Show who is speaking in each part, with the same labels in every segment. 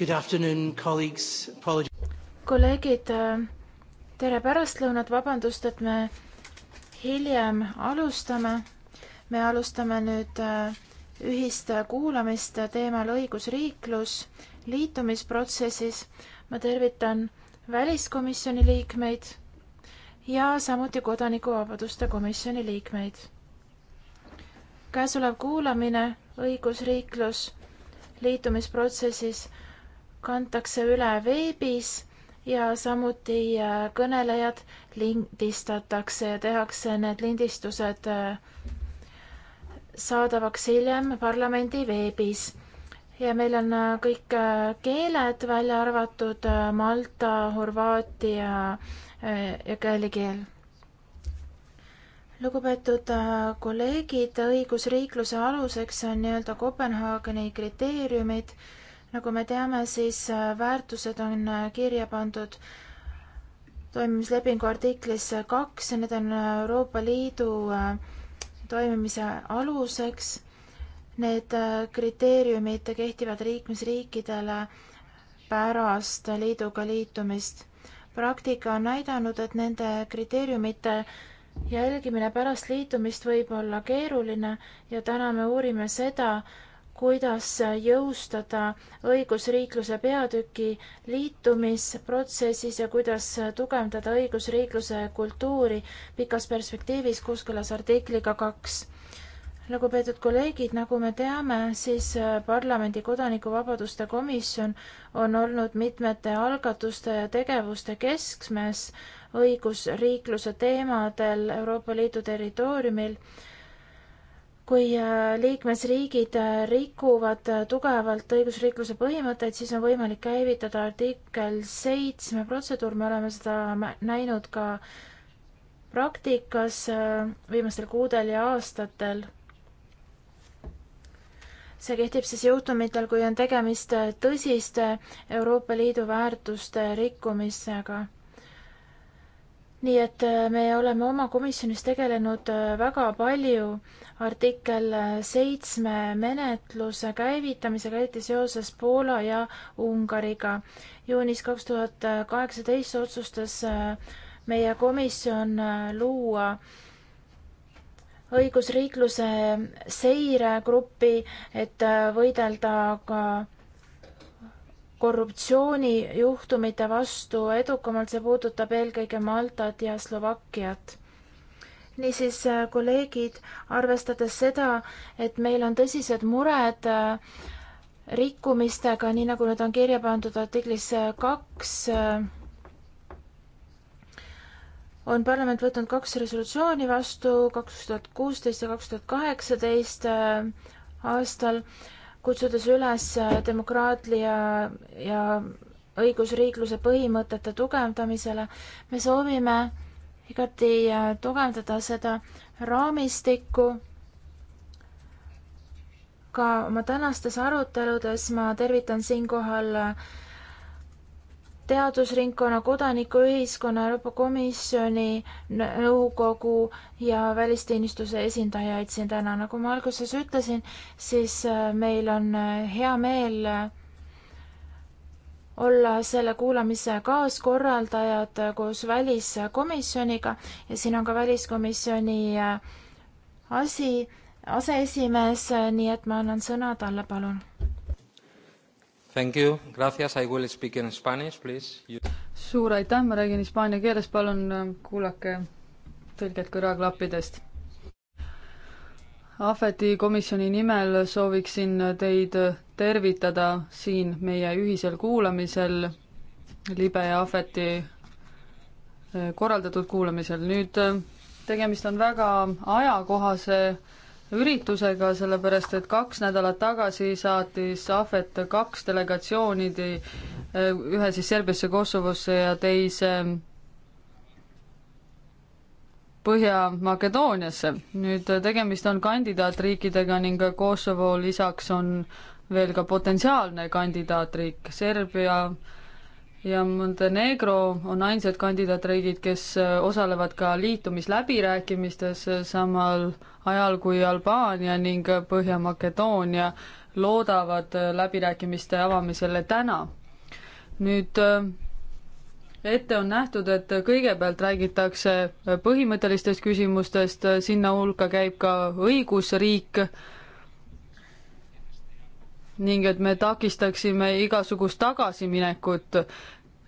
Speaker 1: Good afternoon, colleagues. Apologies.
Speaker 2: kolleegid, tere pärastlõunat, vabandust, et me hiljem alustame. me alustame nüüd äh, ühist kuulamist teemal õigusriiklus liitumisprotsessis. ma tervitan väliskomisjoni liikmeid ja samuti kodanikuvabaduste komisjoni liikmeid. käesolev kuulamine õigusriiklus liitumisprotsessis kantakse üle veebis ja samuti äh, kõnelejad lindistatakse ja tehakse need lindistused äh, saadavaks hiljem parlamendi veebis. ja meil on äh, kõik keeled välja arvatud malta, horvaatia ja käelikeel. lugupeetud kolleegid, õigusriikluse aluseks on nii-öelda Kopenhaageni kriteeriumid nagu me teame, siis äh, väärtused on äh, kirja pandud toimimislepingu artiklis kaks ja need on äh, Euroopa Liidu toimimise aluseks. Need kriteeriumid kehtivad liikmesriikidele pärast liiduga liitumist. praktika on näidanud, et nende kriteeriumite jälgimine pärast liitumist võib olla keeruline ja täna me uurime seda, kuidas jõustada õigusriikluse peatüki liitumisprotsessis ja kuidas tugevdada õigusriikluse kultuuri pikas perspektiivis kooskõlas artikliga kaks. lugupeetud kolleegid, nagu me teame, siis äh, parlamendi kodanikuvabaduste komisjon on olnud mitmete algatuste ja tegevuste keskmes õigusriikluse teemadel Euroopa Liidu territooriumil kui äh, liikmesriigid äh, rikuvad äh, tugevalt õigusriikluse põhimõtteid, siis on võimalik käivitada artikkel seitsme protseduur, me oleme seda näinud ka praktikas viimastel kuudel ja aastatel. see kehtib siis juhtumitel, kui on tegemist tõsiste Euroopa Liidu väärtuste rikkumisega nii et me oleme oma komisjonis tegelenud väga palju artikkel seitsme menetluse käivitamisega, eriti seoses Poola ja Ungariga. juunis kaks tuhat kaheksateist otsustas äh, meie komisjon äh, luua õigusriikluse seiregrupi, et äh, võidelda ka korruptsioonijuhtumite vastu edukamalt, see puudutab eelkõige Maltat ja Slovakkiat niisiis, äh, kolleegid, arvestades seda, et meil on tõsised mured äh, rikkumistega, nii nagu need on kirja pandud artiklis äh, kaks, on parlament võtnud kaks resolutsiooni vastu kaks tuhat kuusteist ja kaks tuhat kaheksateist aastal, kutsudes üles demokraatia ja õigusriikluse põhimõtete tugevdamisele. me soovime igati äh, tugevdada seda raamistikku. ka oma tänastes aruteludes ma tervitan siinkohal äh, teadusringkonna kodanikuühiskonna Euroopa Komisjoni nõukogu ja välisteenistuse esindajaid siin täna. nagu ma alguses ütlesin, siis äh, meil on hea meel olla selle kuulamise kaaskorraldajad koos väliskomisjoniga ja siin on ka väliskomisjoni äh, asi, aseesimees, nii et ma annan sõna talle, palun. Thank you, gracias, I will speak in spanish, please you....
Speaker 3: suur aitäh, ma räägin hispaania keeles, palun äh, kuulake tõlget kõrvaklappidest Ahveti komisjoni nimel sooviksin teid tervitada siin meie ühisel kuulamisel, libe ja ahveti eh, korraldatud kuulamisel. nüüd eh, tegemist on väga ajakohase üritusega, sellepärast et kaks nädalat tagasi saatis ahvet kaks delegatsiooni, eh, ühe siis Serbiasse, Kosovosse ja teise Põhja-Makedooniasse. nüüd tegemist on kandidaatriikidega ning Kosovo lisaks on veel ka potentsiaalne kandidaatriik, Serbia ja Montenegro on ainsad kandidaatriigid, kes äh, osalevad ka liitumisläbirääkimistes, äh, samal ajal kui Albaania ning Põhja-Makedoonia loodavad äh, läbirääkimiste avamisele täna. nüüd ette on nähtud, et kõigepealt räägitakse põhimõttelistest küsimustest, sinna hulka käib ka õigusriik ning et me takistaksime igasugust tagasiminekut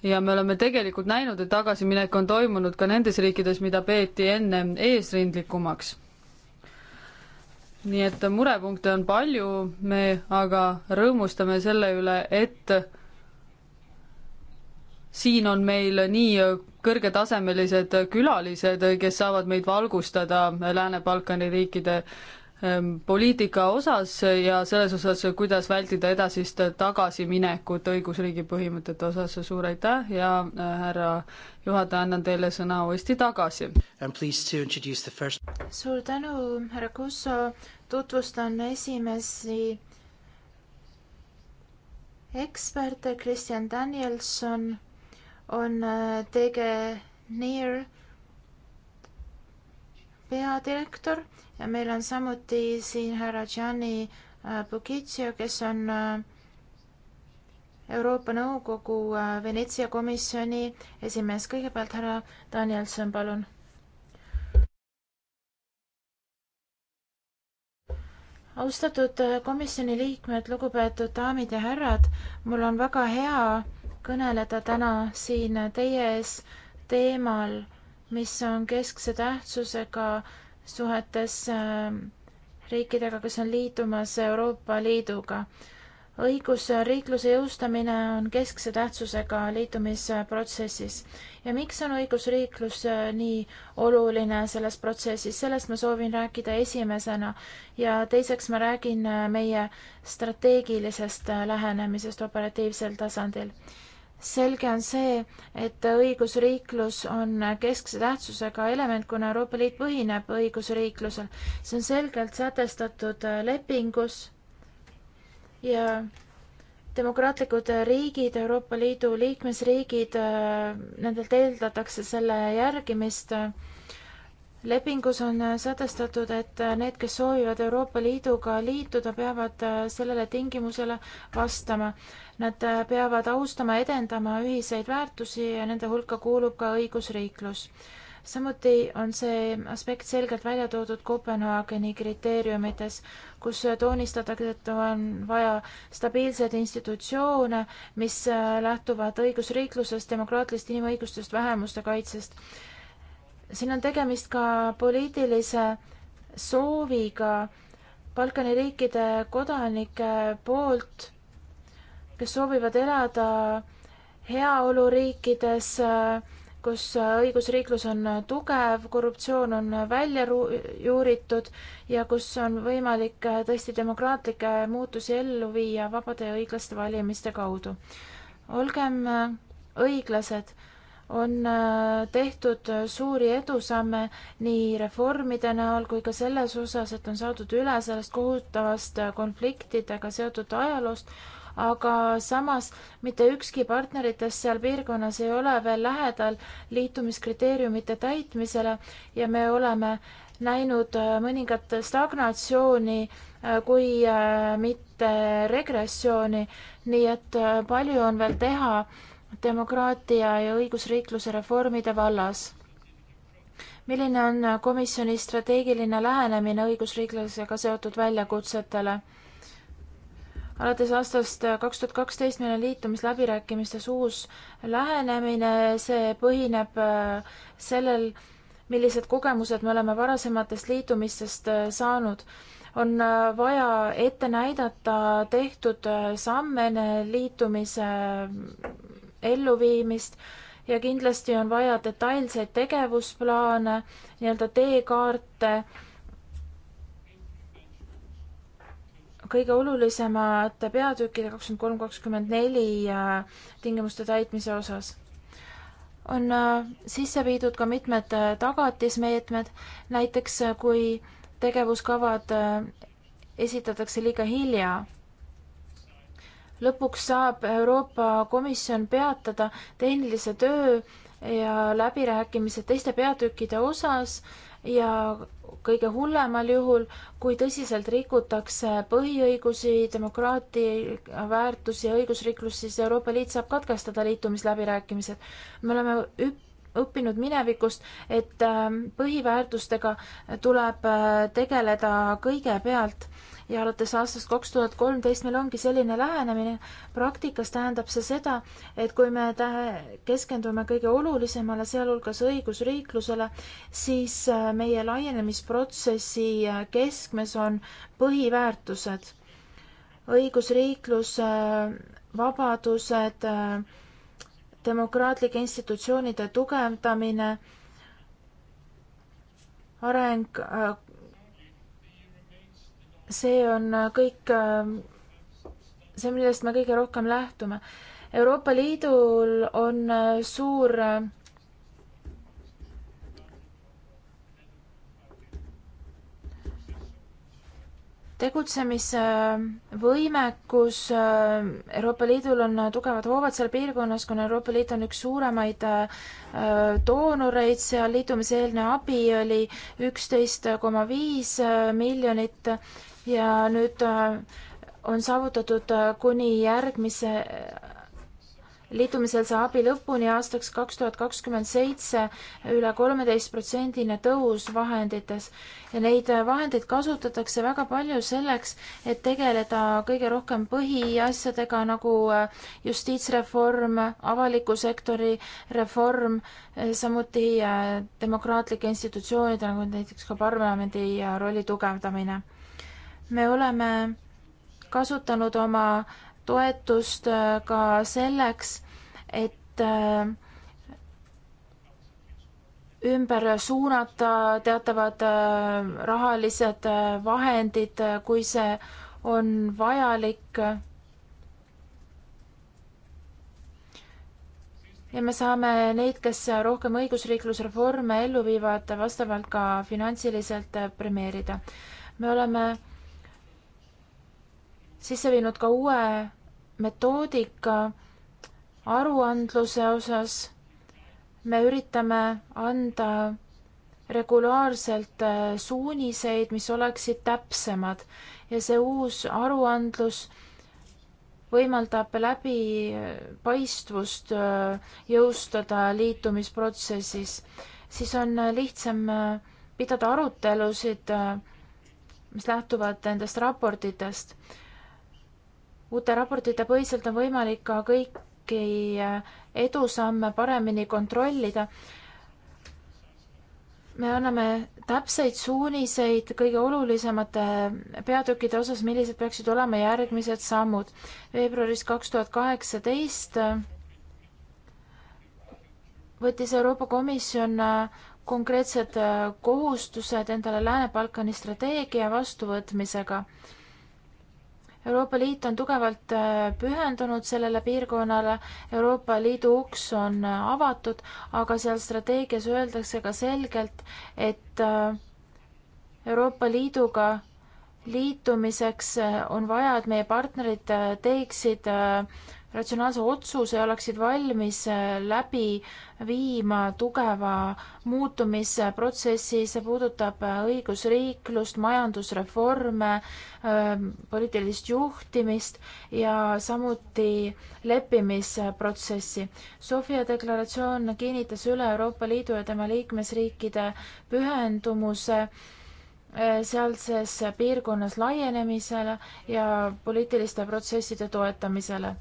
Speaker 3: ja me oleme tegelikult näinud, et tagasiminek on toimunud ka nendes riikides, mida peeti enne eesrindlikumaks. nii et murepunkte on palju, me aga rõõmustame selle üle, et siin on meil nii kõrgetasemelised külalised, kes saavad meid valgustada Lääne-Balkani riikide Ähm, poliitika osas ja selles osas, kuidas vältida edasist tagasiminekut õigusriigi põhimõtete osas, suur aitäh ja äh, härra juhataja, annan teile sõna uuesti tagasi. First...
Speaker 2: suur tänu, härra Kusso, tutvustan esimesi eksperte, Kristjan Danielson on äh, TG NIR peadirektor meil on samuti siin härra Gianni Pugizio, äh, kes on äh, Euroopa Nõukogu äh, Venetsia komisjoni esimees. kõigepealt härra Danielson, palun. austatud komisjoni liikmed, lugupeetud daamid ja härrad, mul on väga hea kõneleda täna siin teie ees teemal, mis on keskse tähtsusega äh, suhetes ähm, riikidega, kes on liitumas Euroopa Liiduga. õigusriikluse äh, jõustamine on keskse tähtsusega liitumisprotsessis ja miks on õigusriiklus äh, nii oluline selles protsessis, sellest ma soovin rääkida esimesena ja teiseks ma räägin äh, meie strateegilisest lähenemisest operatiivsel tasandil selge on see, et õigusriiklus on keskse tähtsusega element, kuna Euroopa Liit põhineb õigusriiklusel. see on selgelt sätestatud lepingus ja demokraatlikud riigid, Euroopa Liidu liikmesriigid, nendelt eeldatakse selle järgimist. lepingus on sätestatud, et need, kes soovivad Euroopa Liiduga liituda, peavad sellele tingimusele vastama Nad äh, peavad austama, edendama ühiseid väärtusi ja nende hulka kuulub ka õigusriiklus. samuti on see aspekt selgelt välja toodud Kopenhaageni kriteeriumites, kus toonistatakse, et on vaja stabiilseid institutsioone, mis äh, lähtuvad õigusriiklusest, demokraatilist inimõigustest, vähemuste kaitsest. siin on tegemist ka poliitilise sooviga Balkani riikide kodanike poolt kes soovivad elada heaoluriikides, kus õigusriiklus on tugev, korruptsioon on välja juuritud ja kus on võimalik tõesti demokraatlikke muutusi ellu viia vabade ja õiglaste valimiste kaudu. olgem õiglased, on tehtud suuri edusamme nii reformide näol kui ka selles osas, et on saadud üle sellest kohutavast konfliktidega seotud ajaloost aga samas mitte ükski partneritest seal piirkonnas ei ole veel lähedal liitumiskriteeriumite täitmisele ja me oleme näinud äh, mõningat stagnatsiooni äh, kui äh, mitte regressiooni, nii et palju on veel teha demokraatia ja õigusriikluse reformide vallas milline on komisjoni strateegiline lähenemine õigusriiklusega seotud väljakutsetele? alates aastast äh, kaks tuhat kaksteist meil on liitumisläbirääkimistes uus lähenemine, see põhineb äh, sellel, millised kogemused me oleme varasematest liitumistest äh, saanud. on vaja ette näidata tehtud samme enne liitumise elluviimist ja kindlasti on vaja detailseid tegevusplaane, nii-öelda teekaarte kõige olulisemate peatükkide kakskümmend kolm, kakskümmend neli tingimuste täitmise osas. on äh, sisse viidud ka mitmed äh, tagatismeetmed, näiteks äh, kui tegevuskavad esitatakse liiga hilja. lõpuks saab Euroopa Komisjon peatada tehnilise töö ja läbirääkimised teiste peatükkide osas ja kõige hullemal juhul, kui tõsiselt rikutakse põhiõigusi, demokraatia väärtusi ja õigusriiklust, siis Euroopa Liit saab katkestada liitumisläbirääkimised. me oleme üp-, õppinud minevikust, et ähm, põhiväärtustega tuleb äh, tegeleda kõigepealt ja alates aastast kaks tuhat kolmteist meil ongi selline lähenemine. praktikas tähendab see seda, et kui me keskendume kõige olulisemale, sealhulgas õigusriiklusele, siis äh, meie laienemisprotsessi äh, keskmes on põhiväärtused, õigusriiklus, vabadused demokraatlike institutsioonide tugevdamine, areng, äh, see on äh, kõik äh, see, millest me kõige rohkem lähtume. Euroopa Liidul on suur tegutsemisvõimekus, äh, Euroopa Liidul on tugevad hoovad seal piirkonnas, kuna Euroopa Liit on üks suuremaid äh, doonoreid seal, liitumiseelne abi oli üksteist koma viis äh, miljonit ja nüüd on saavutatud kuni järgmise liitumisel see abi lõpuni aastaks kaks tuhat kakskümmend seitse üle kolmeteist protsendine tõus vahendites ja neid vahendeid kasutatakse väga palju selleks, et tegeleda kõige rohkem põhiasjadega nagu äh, justiitsreform, avaliku sektori reform, äh, samuti äh, demokraatlike institutsioonide nagu näiteks ka parlamendi rolli tugevdamine. me oleme kasutanud oma toetust äh, ka selleks, et äh, ümber suunata teatavad äh, rahalised vahendid, kui see on vajalik. ja me saame neid, kes rohkem õigusriiklusreforme ellu viivad, vastavalt ka finantsiliselt premeerida. me oleme sisse viinud ka uue metoodika aruandluse osas. me üritame anda regulaarselt äh, suuniseid, mis oleksid täpsemad ja see uus aruandlus võimaldab läbipaistvust äh, äh, jõustada liitumisprotsessis, siis on lihtsam pidada arutelusid, mis lähtuvad nendest raportitest uute raportite põhiselt on võimalik ka kõiki äh, edusamme paremini kontrollida. me anname täpseid suuniseid kõige olulisemate peatükkide osas, millised peaksid olema järgmised sammud. veebruaris kaks tuhat kaheksateist äh, võttis Euroopa Komisjon äh, konkreetsed kohustused endale Lääne-Balkani strateegia vastuvõtmisega Euroopa Liit on tugevalt äh, pühendunud sellele piirkonnale, Euroopa Liidu uks on äh, avatud, aga seal strateegias öeldakse ka selgelt, et äh, Euroopa Liiduga liitumiseks on vaja, et meie partnerid teeksid ratsionaalse otsuse ja oleksid valmis äh, läbi viima tugeva muutumisprotsessi, see puudutab äh, õigusriiklust, majandusreforme, ähm, poliitilist juhtimist ja samuti leppimisprotsessi. Sofia deklaratsioon kinnitas üle Euroopa Liidu ja tema liikmesriikide pühendumuse äh, sealses piirkonnas laienemisele ja poliitiliste protsesside toetamisele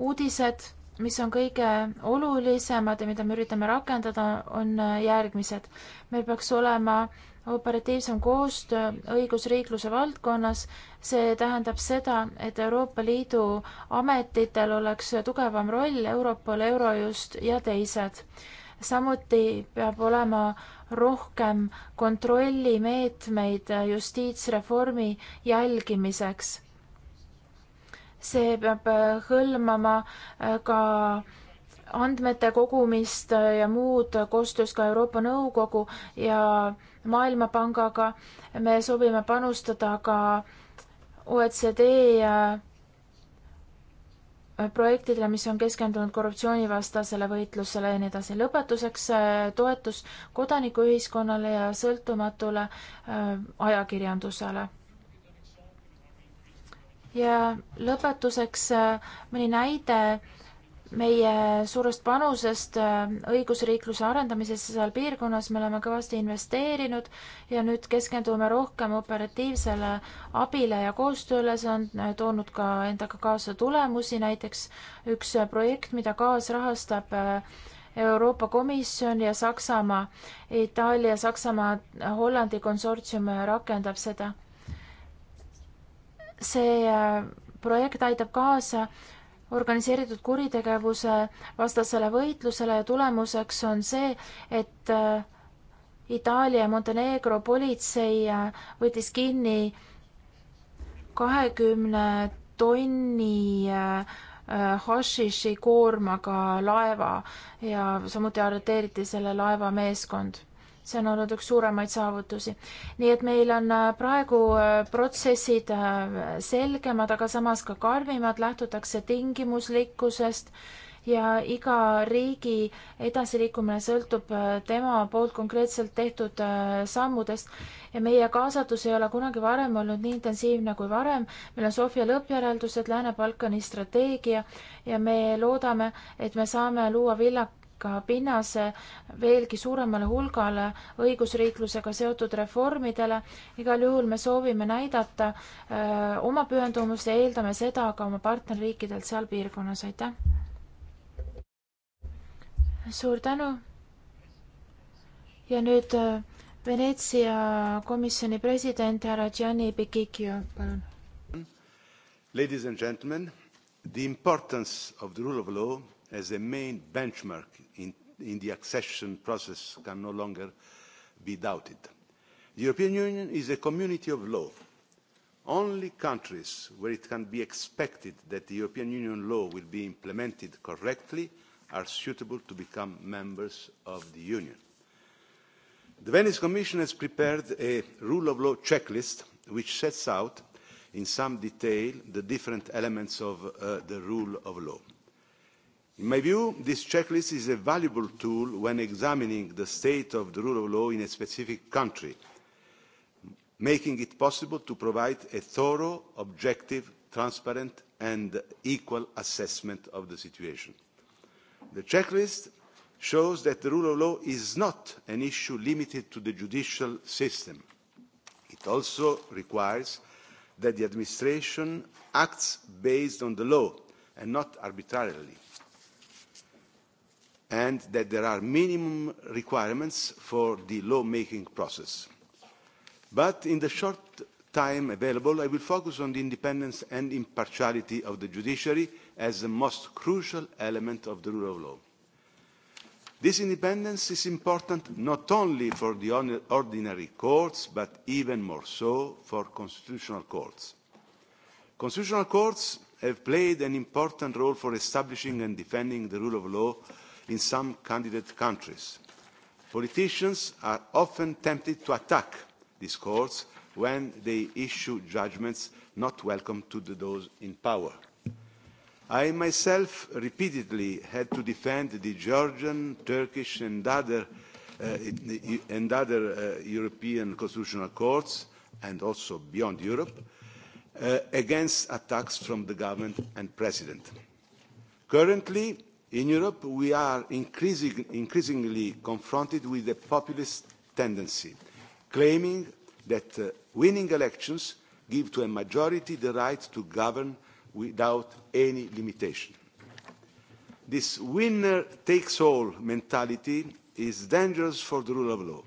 Speaker 2: uudised, mis on kõige olulisemad ja mida me üritame rakendada, on äh, järgmised. meil peaks olema operatiivsem koostöö õigusriikluse valdkonnas, see tähendab seda, et Euroopa Liidu ametitel oleks tugevam roll, Europol, Eurojust ja teised. samuti peab olema rohkem kontrollimeetmeid äh, justiitsreformi jälgimiseks see peab äh, hõlmama äh, ka andmete kogumist äh, ja muud koostöös ka Euroopa Nõukogu ja Maailmapangaga. me soovime panustada ka OECD projektidele, mis on keskendunud korruptsioonivastasele võitlusele ja nii edasi. lõpetuseks toetus kodanikuühiskonnale ja sõltumatule ajakirjandusele ja lõpetuseks äh, mõni näide meie suurest panusest äh, õigusriikluse arendamisesse seal piirkonnas, me oleme kõvasti investeerinud ja nüüd keskendume rohkem operatiivsele abile ja koostööle, see on äh, toonud ka endaga kaasa tulemusi, näiteks üks projekt, mida kaasrahastab Euroopa Komisjon ja Saksamaa, Itaalia, Saksamaa, Hollandi konsortsium rakendab seda see äh, projekt aitab kaasa organiseeritud kuritegevuse vastasele võitlusele ja tulemuseks on see, et äh, Itaalia ja Montenegro politsei äh, võttis kinni kahekümne tonni hašiši koormaga laeva ja samuti arreteeriti selle laeva meeskond see on olnud üks suuremaid saavutusi. nii et meil on äh, praegu äh, protsessid äh, selgemad, aga samas ka karmimad, lähtutakse tingimuslikkusest ja iga riigi edasiliikumine sõltub tema poolt konkreetselt tehtud sammudest ja meie kaasatus ei ole kunagi varem olnud nii intensiivne kui varem. meil on Sofia lõppjäreldused, Lääne-Balkani strateegia ja me loodame, et me saame luua villa-, ka pinnase veelgi suuremale hulgale õigusriiklusega seotud reformidele. igal juhul me soovime näidata öö, äh, oma pühendumust ja eeldame seda ka oma partnerriikidelt seal piirkonnas, aitäh! suur tänu! ja nüüd äh, Veneetsia komisjoni president härra Gianni Picicchio, palun.
Speaker 4: Ladies and gentlemen, the importance of the rule of law as a main benchmark in, in the accession process can no longer be doubted. The European Union is a community of law. Only countries where it can be expected that the European Union law will be implemented correctly are suitable to become members of the Union. The Venice Commission has prepared a rule of law checklist which sets out in some detail the different elements of uh, the rule of law in my view this checklist is a valuable tool when examining the state of the rule of law in a specific country making it possible to provide a thorough objective transparent and equal assessment of the situation. the checklist shows that the rule of law is not an issue limited to the judicial system. it also requires that the administration acts based on the law and not arbitrarily and that there are minimum requirements for the lawmaking process. But in the short time available, I will focus on the independence and impartiality of the judiciary as the most crucial element of the rule of law. This independence is important not only for the ordinary courts, but even more so for constitutional courts. Constitutional courts have played an important role for establishing and defending the rule of law in some candidate countries. Politicians are often tempted to attack these courts when they issue judgments not welcome to those in power. I myself repeatedly had to defend the Georgian, Turkish and other, uh, and other uh, European constitutional courts, and also beyond Europe, uh, against attacks from the government and president. Currently, In Europe, we are increasing, increasingly confronted with a populist tendency, claiming that uh, winning elections give to a majority the right to govern without any limitation. This winner-takes-all mentality is dangerous for the rule of law.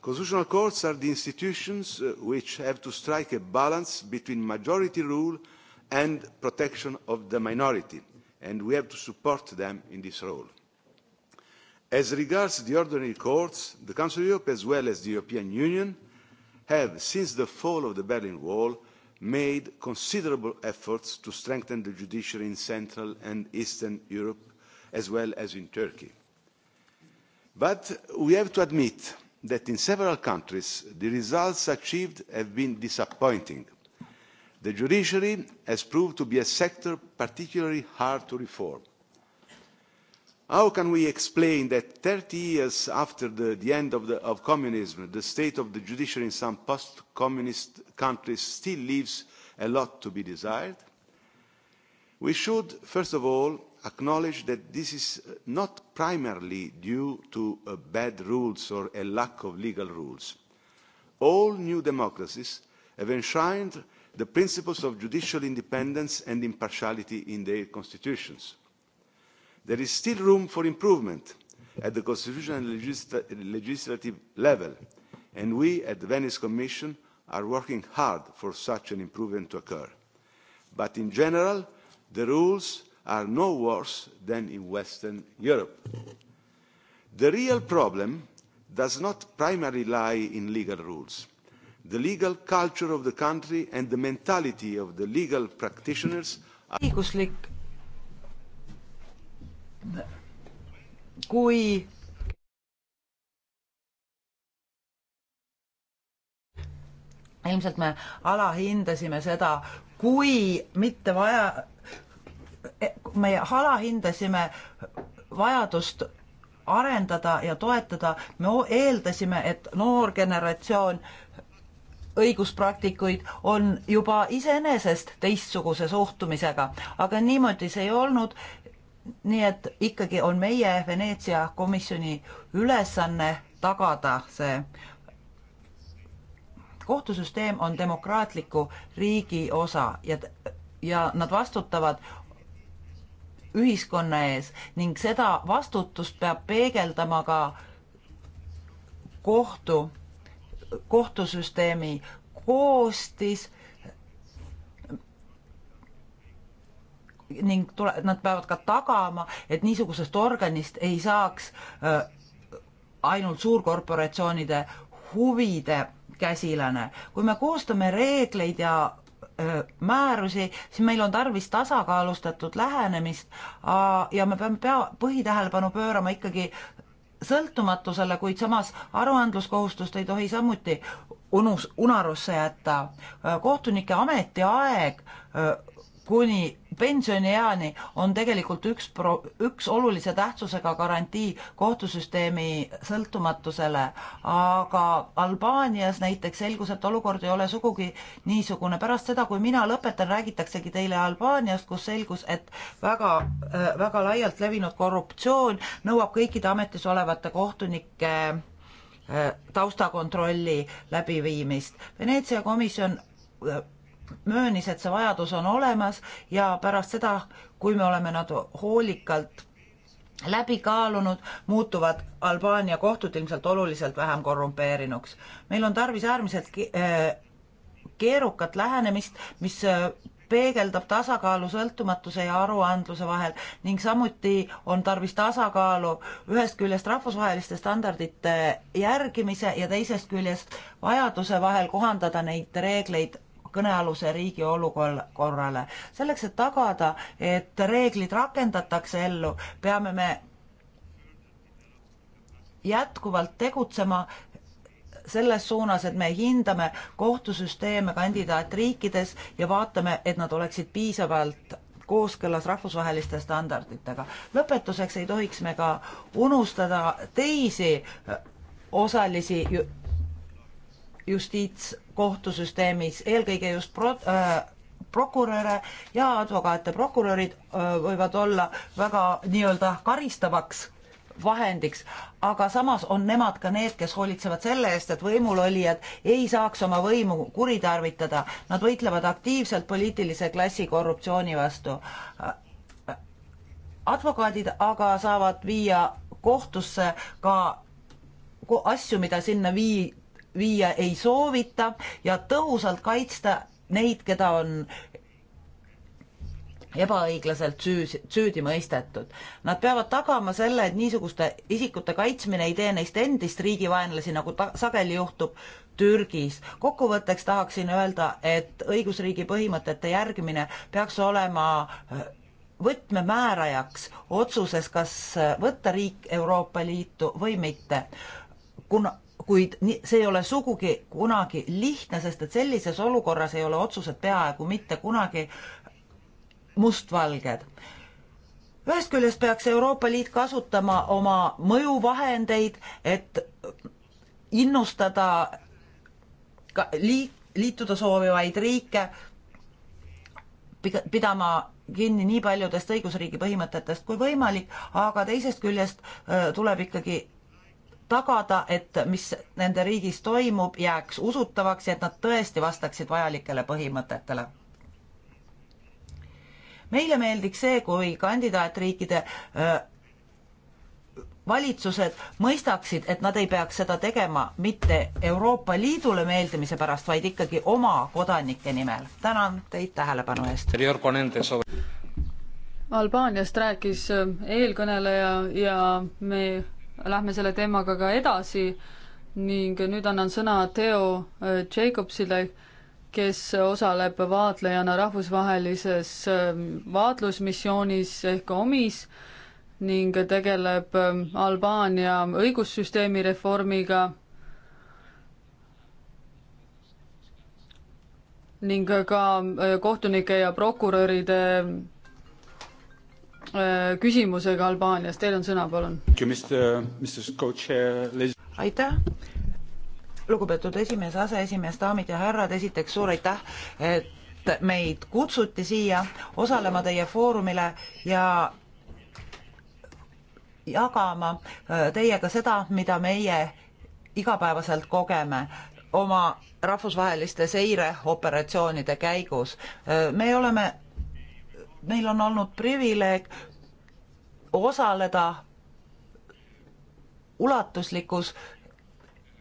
Speaker 4: Constitutional courts are the institutions uh, which have to strike a balance between majority rule and protection of the minority and we have to support them in this role. As regards the ordinary courts, the Council of Europe as well as the European Union have, since the fall of the Berlin Wall, made considerable efforts to strengthen the judiciary in Central and Eastern Europe as well as in Turkey. But we have to admit that in several countries the results achieved have been disappointing The judiciary has proved to be a sector particularly hard to reform. How can we explain that 30 years after the, the end of, the, of communism, the state of the judiciary in some post-communist countries still leaves a lot to be desired? We should, first of all, acknowledge that this is uh, not primarily due to uh, bad rules or a lack of legal rules. All new democracies have enshrined the principles of judicial independence and impartiality in their constitutions. There is still room for improvement at the constitutional and legisl legislative level, and we at the Venice Commission are working hard for such an improvement to occur. But in general, the rules are no worse than in Western Europe. The real problem does not primarily lie in legal rules the legal culture of the country and the mentality of the legal practitioners õiguslik
Speaker 1: kui ilmselt me alahindasime seda, kui mitte vaja, e, me alahindasime vajadust arendada ja toetada, me eeldasime, et noor generatsioon õiguspraktikuid on juba iseenesest teistsuguse suhtumisega, aga niimoodi see ei olnud. nii et ikkagi on meie Veneetsia komisjoni ülesanne tagada see kohtusüsteem on demokraatliku riigi osa ja, ja nad vastutavad ühiskonna ees ning seda vastutust peab peegeldama ka kohtu kohtusüsteemi koostis ning tule, nad peavad ka tagama, et niisugusest organist ei saaks äh, ainult suurkorporatsioonide huvide käsilane. kui me koostame reegleid ja öö, äh, määrusi, siis meil on tarvis tasakaalustatud lähenemist ja me peame pea, põhitähelepanu pöörama ikkagi sõltumatusele, kuid samas aruandluskohustust ei tohi samuti unus, unarusse jätta. kohtunike ametiaeg kuni pensionieani on tegelikult üks pro-, üks olulise tähtsusega garantii kohtusüsteemi sõltumatusele, aga Albaanias näiteks selgus, et olukord ei ole sugugi niisugune. pärast seda, kui mina lõpetan, räägitaksegi teile Albaaniast, kus selgus, et väga, äh, väga laialt levinud korruptsioon nõuab kõikide ametis olevate kohtunike äh, taustakontrolli läbiviimist. Veneetsia komisjon äh, möönis, et see vajadus on olemas ja pärast seda, kui me oleme nad hoolikalt läbi kaalunud, muutuvad Albaania kohtud ilmselt oluliselt vähem korrumpeerinuks. meil on tarvis äärmiselt äh, keerukat lähenemist, mis äh, peegeldab tasakaalu sõltumatuse ja aruandluse vahel ning samuti on tarvis tasakaalu ühest küljest rahvusvaheliste standardite järgimise ja teisest küljest vajaduse vahel kohandada neid reegleid kõnealuse riigi olukorrale. selleks, et tagada, et reeglid rakendatakse ellu, peame me jätkuvalt tegutsema selles suunas, et me hindame kohtusüsteeme kandidaatriikides ja vaatame, et nad oleksid piisavalt kooskõlas rahvusvaheliste standarditega. lõpetuseks ei tohiks me ka unustada teisi äh, osalisi justiits kohtusüsteemis, eelkõige just pro-, äh, prokuröre ja advokaate. prokurörid äh, võivad olla väga nii-öelda karistavaks vahendiks, aga samas on nemad ka need, kes hoolitsevad selle eest, et võimulolijad ei saaks oma võimu kuritarvitada. Nad võitlevad aktiivselt poliitilise klassi korruptsiooni vastu. advokaadid aga saavad viia kohtusse ka asju, mida sinna vii-, viia ei soovita ja tõhusalt kaitsta neid, keda on ebaõiglaselt süüs, süüdi mõistetud. Nad peavad tagama selle, et niisuguste isikute kaitsmine ei tee neist endist riigivaenlasi, nagu ta-, sageli juhtub Türgis. kokkuvõtteks tahaksin öelda, et õigusriigi põhimõtete järgimine peaks olema äh, võtmemäärajaks otsuses, kas äh, võtta riik Euroopa Liitu või mitte. kuna kuid see ei ole sugugi kunagi lihtne, sest et sellises olukorras ei ole otsused peaaegu mitte kunagi mustvalged. ühest küljest peaks Euroopa Liit kasutama oma mõjuvahendeid, et innustada ka liik-, liituda soovivaid riike pidama kinni nii paljudest õigusriigi põhimõtetest kui võimalik, aga teisest küljest äh, tuleb ikkagi tagada, et mis nende riigis toimub, jääks usutavaks ja et nad tõesti vastaksid vajalikele põhimõtetele. meile meeldiks see, kui kandidaatriikide valitsused mõistaksid, et nad ei peaks seda tegema mitte Euroopa Liidule meeldimise pärast, vaid ikkagi oma kodanike nimel.
Speaker 3: tänan teid
Speaker 1: tähelepanu
Speaker 2: eest.
Speaker 3: Albaaniast rääkis eelkõneleja ja me lähme selle teemaga ka edasi ning nüüd annan sõna Theo äh, Jacobsile, kes osaleb vaatlejana rahvusvahelises ähm, vaatlusmissioonis ehk OMIS ning tegeleb ähm, Albaania õigussüsteemi reformiga ning ka äh, kohtunike ja prokuröride Äh, küsimusega Albaanias, teil on sõna, palun. aitäh,
Speaker 1: lugupeetud esimees, aseesimees, daamid ja härrad, esiteks suur aitäh, et meid kutsuti siia osalema teie foorumile ja jagama äh, teiega seda, mida meie igapäevaselt kogeme oma rahvusvaheliste seireoperatsioonide käigus. Äh, me oleme meil on olnud privileeg osaleda ulatuslikus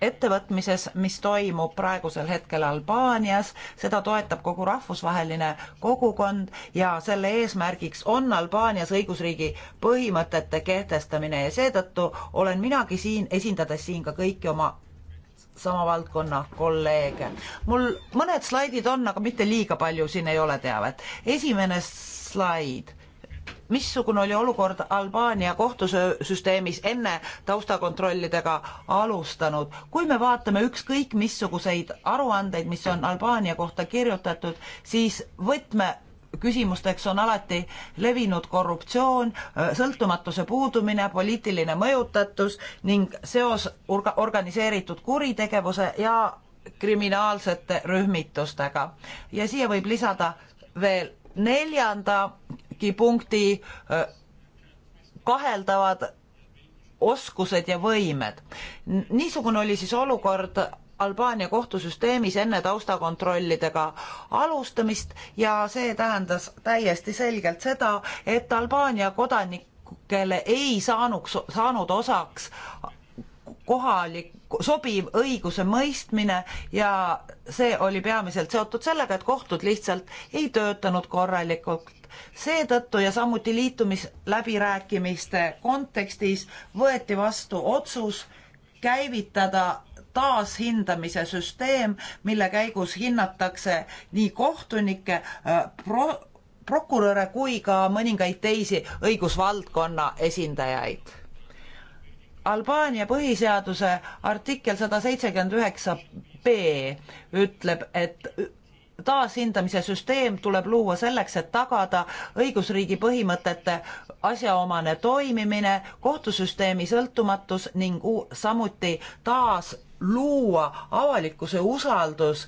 Speaker 1: ettevõtmises, mis toimub praegusel hetkel Albaanias, seda toetab kogu rahvusvaheline kogukond ja selle eesmärgiks on Albaanias õigusriigi põhimõtete kehtestamine ja seetõttu olen minagi siin, esindades siin ka kõiki oma sama valdkonna kolleege. mul mõned slaidid on, aga mitte liiga palju, siin ei ole teavet. esimene slaid missugune oli olukord Albaania kohtusüsteemis enne taustakontrollidega alustanud. kui me vaatame ükskõik missuguseid aruandeid, mis on Albaania kohta kirjutatud, siis võtme küsimusteks on alati levinud korruptsioon, sõltumatuse puudumine, poliitiline mõjutatus ning seos orga-, organiseeritud kuritegevuse ja kriminaalsete rühmitustega. ja siia võib lisada veel neljandagi punkti kaheldavad oskused ja võimed. niisugune oli siis olukord Albaania kohtusüsteemis enne taustakontrollidega alustamist ja see tähendas täiesti selgelt seda, et Albaania kodanikele ei saanuks, saanud osaks kohalik, sobiv õigusemõistmine ja see oli peamiselt seotud sellega, et kohtud lihtsalt ei töötanud korralikult. seetõttu ja samuti liitumisläbirääkimiste kontekstis võeti vastu otsus käivitada taashindamise süsteem, mille käigus hinnatakse nii kohtunikke äh, pro,, prokuröre kui ka mõningaid teisi õigusvaldkonna esindajaid. Albaania põhiseaduse artikkel sada seitsekümmend üheksa B ütleb, et taashindamise süsteem tuleb luua selleks, et tagada õigusriigi põhimõtete asjaomane toimimine, kohtusüsteemi sõltumatus ning samuti taas luua avalikkuse usaldus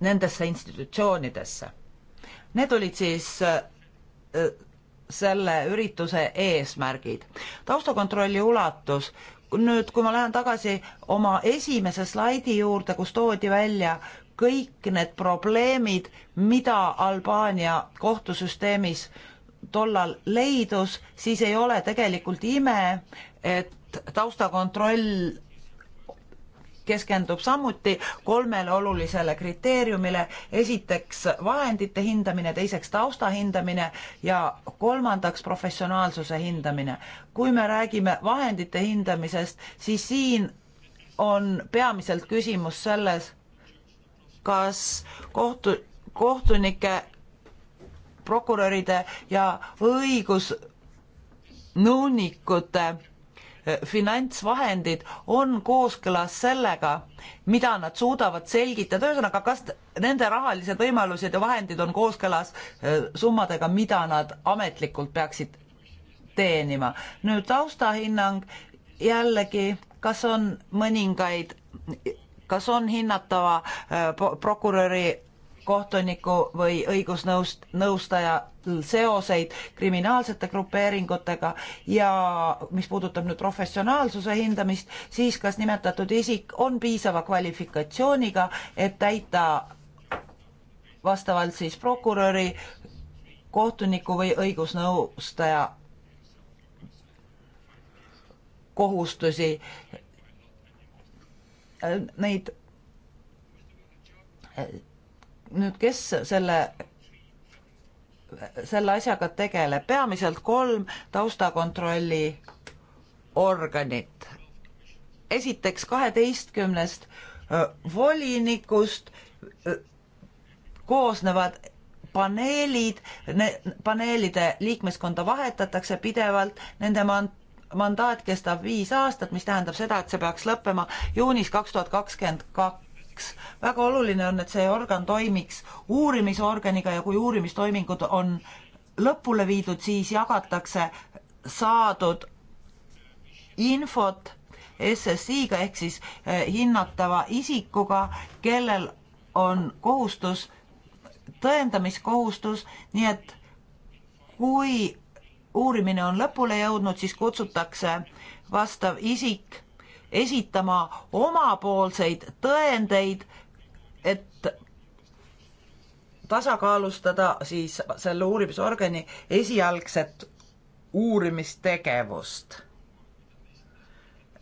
Speaker 1: nendesse institutsioonidesse. Need olid siis äh, selle ürituse eesmärgid. taustakontrolli ulatus, nüüd kui ma lähen tagasi oma esimese slaidi juurde, kus toodi välja kõik need probleemid, mida Albaania kohtusüsteemis tollal leidus, siis ei ole tegelikult ime, et taustakontroll keskendub samuti kolmele olulisele kriteeriumile. esiteks vahendite hindamine, teiseks tausta hindamine ja kolmandaks professionaalsuse hindamine. kui me räägime vahendite hindamisest, siis siin on peamiselt küsimus selles, kas kohtu, kohtunike, prokuröride ja õigusnõunikute Eh, finantsvahendid on kooskõlas sellega, mida nad suudavad selgitada, ühesõnaga, kas nende rahalised võimalused ja vahendid on kooskõlas eh, summadega, mida nad ametlikult peaksid teenima. nüüd taustahinnang jällegi, kas on mõningaid, kas on hinnatava eh, prokuröri kohtuniku või õigusnõust, nõustaja seoseid kriminaalsete grupeeringutega ja mis puudutab nüüd professionaalsuse hindamist, siis kas nimetatud isik on piisava kvalifikatsiooniga, et täita vastavalt siis prokuröri, kohtuniku või õigusnõustaja kohustusi. Neid nüüd, kes selle, selle asjaga tegeleb, peamiselt kolm taustakontrolli organit. esiteks kaheteistkümnest volinikust koosnevad paneelid, paneelide liikmeskonda vahetatakse pidevalt, nende man-, mandaat kestab viis aastat, mis tähendab seda, et see peaks lõppema juunis kaks tuhat kakskümmend kaks teiseks, väga oluline on, et see organ toimiks uurimisorganiga ja kui uurimistoimingud on lõpule viidud, siis jagatakse saadud infot SSI-ga ehk siis eh, hinnatava isikuga, kellel on kohustus, tõendamiskohustus, nii et kui uurimine on lõpule jõudnud, siis kutsutakse vastav isik esitama omapoolseid tõendeid, et tasakaalustada siis selle uurimisorgani esialgset uurimistegevust.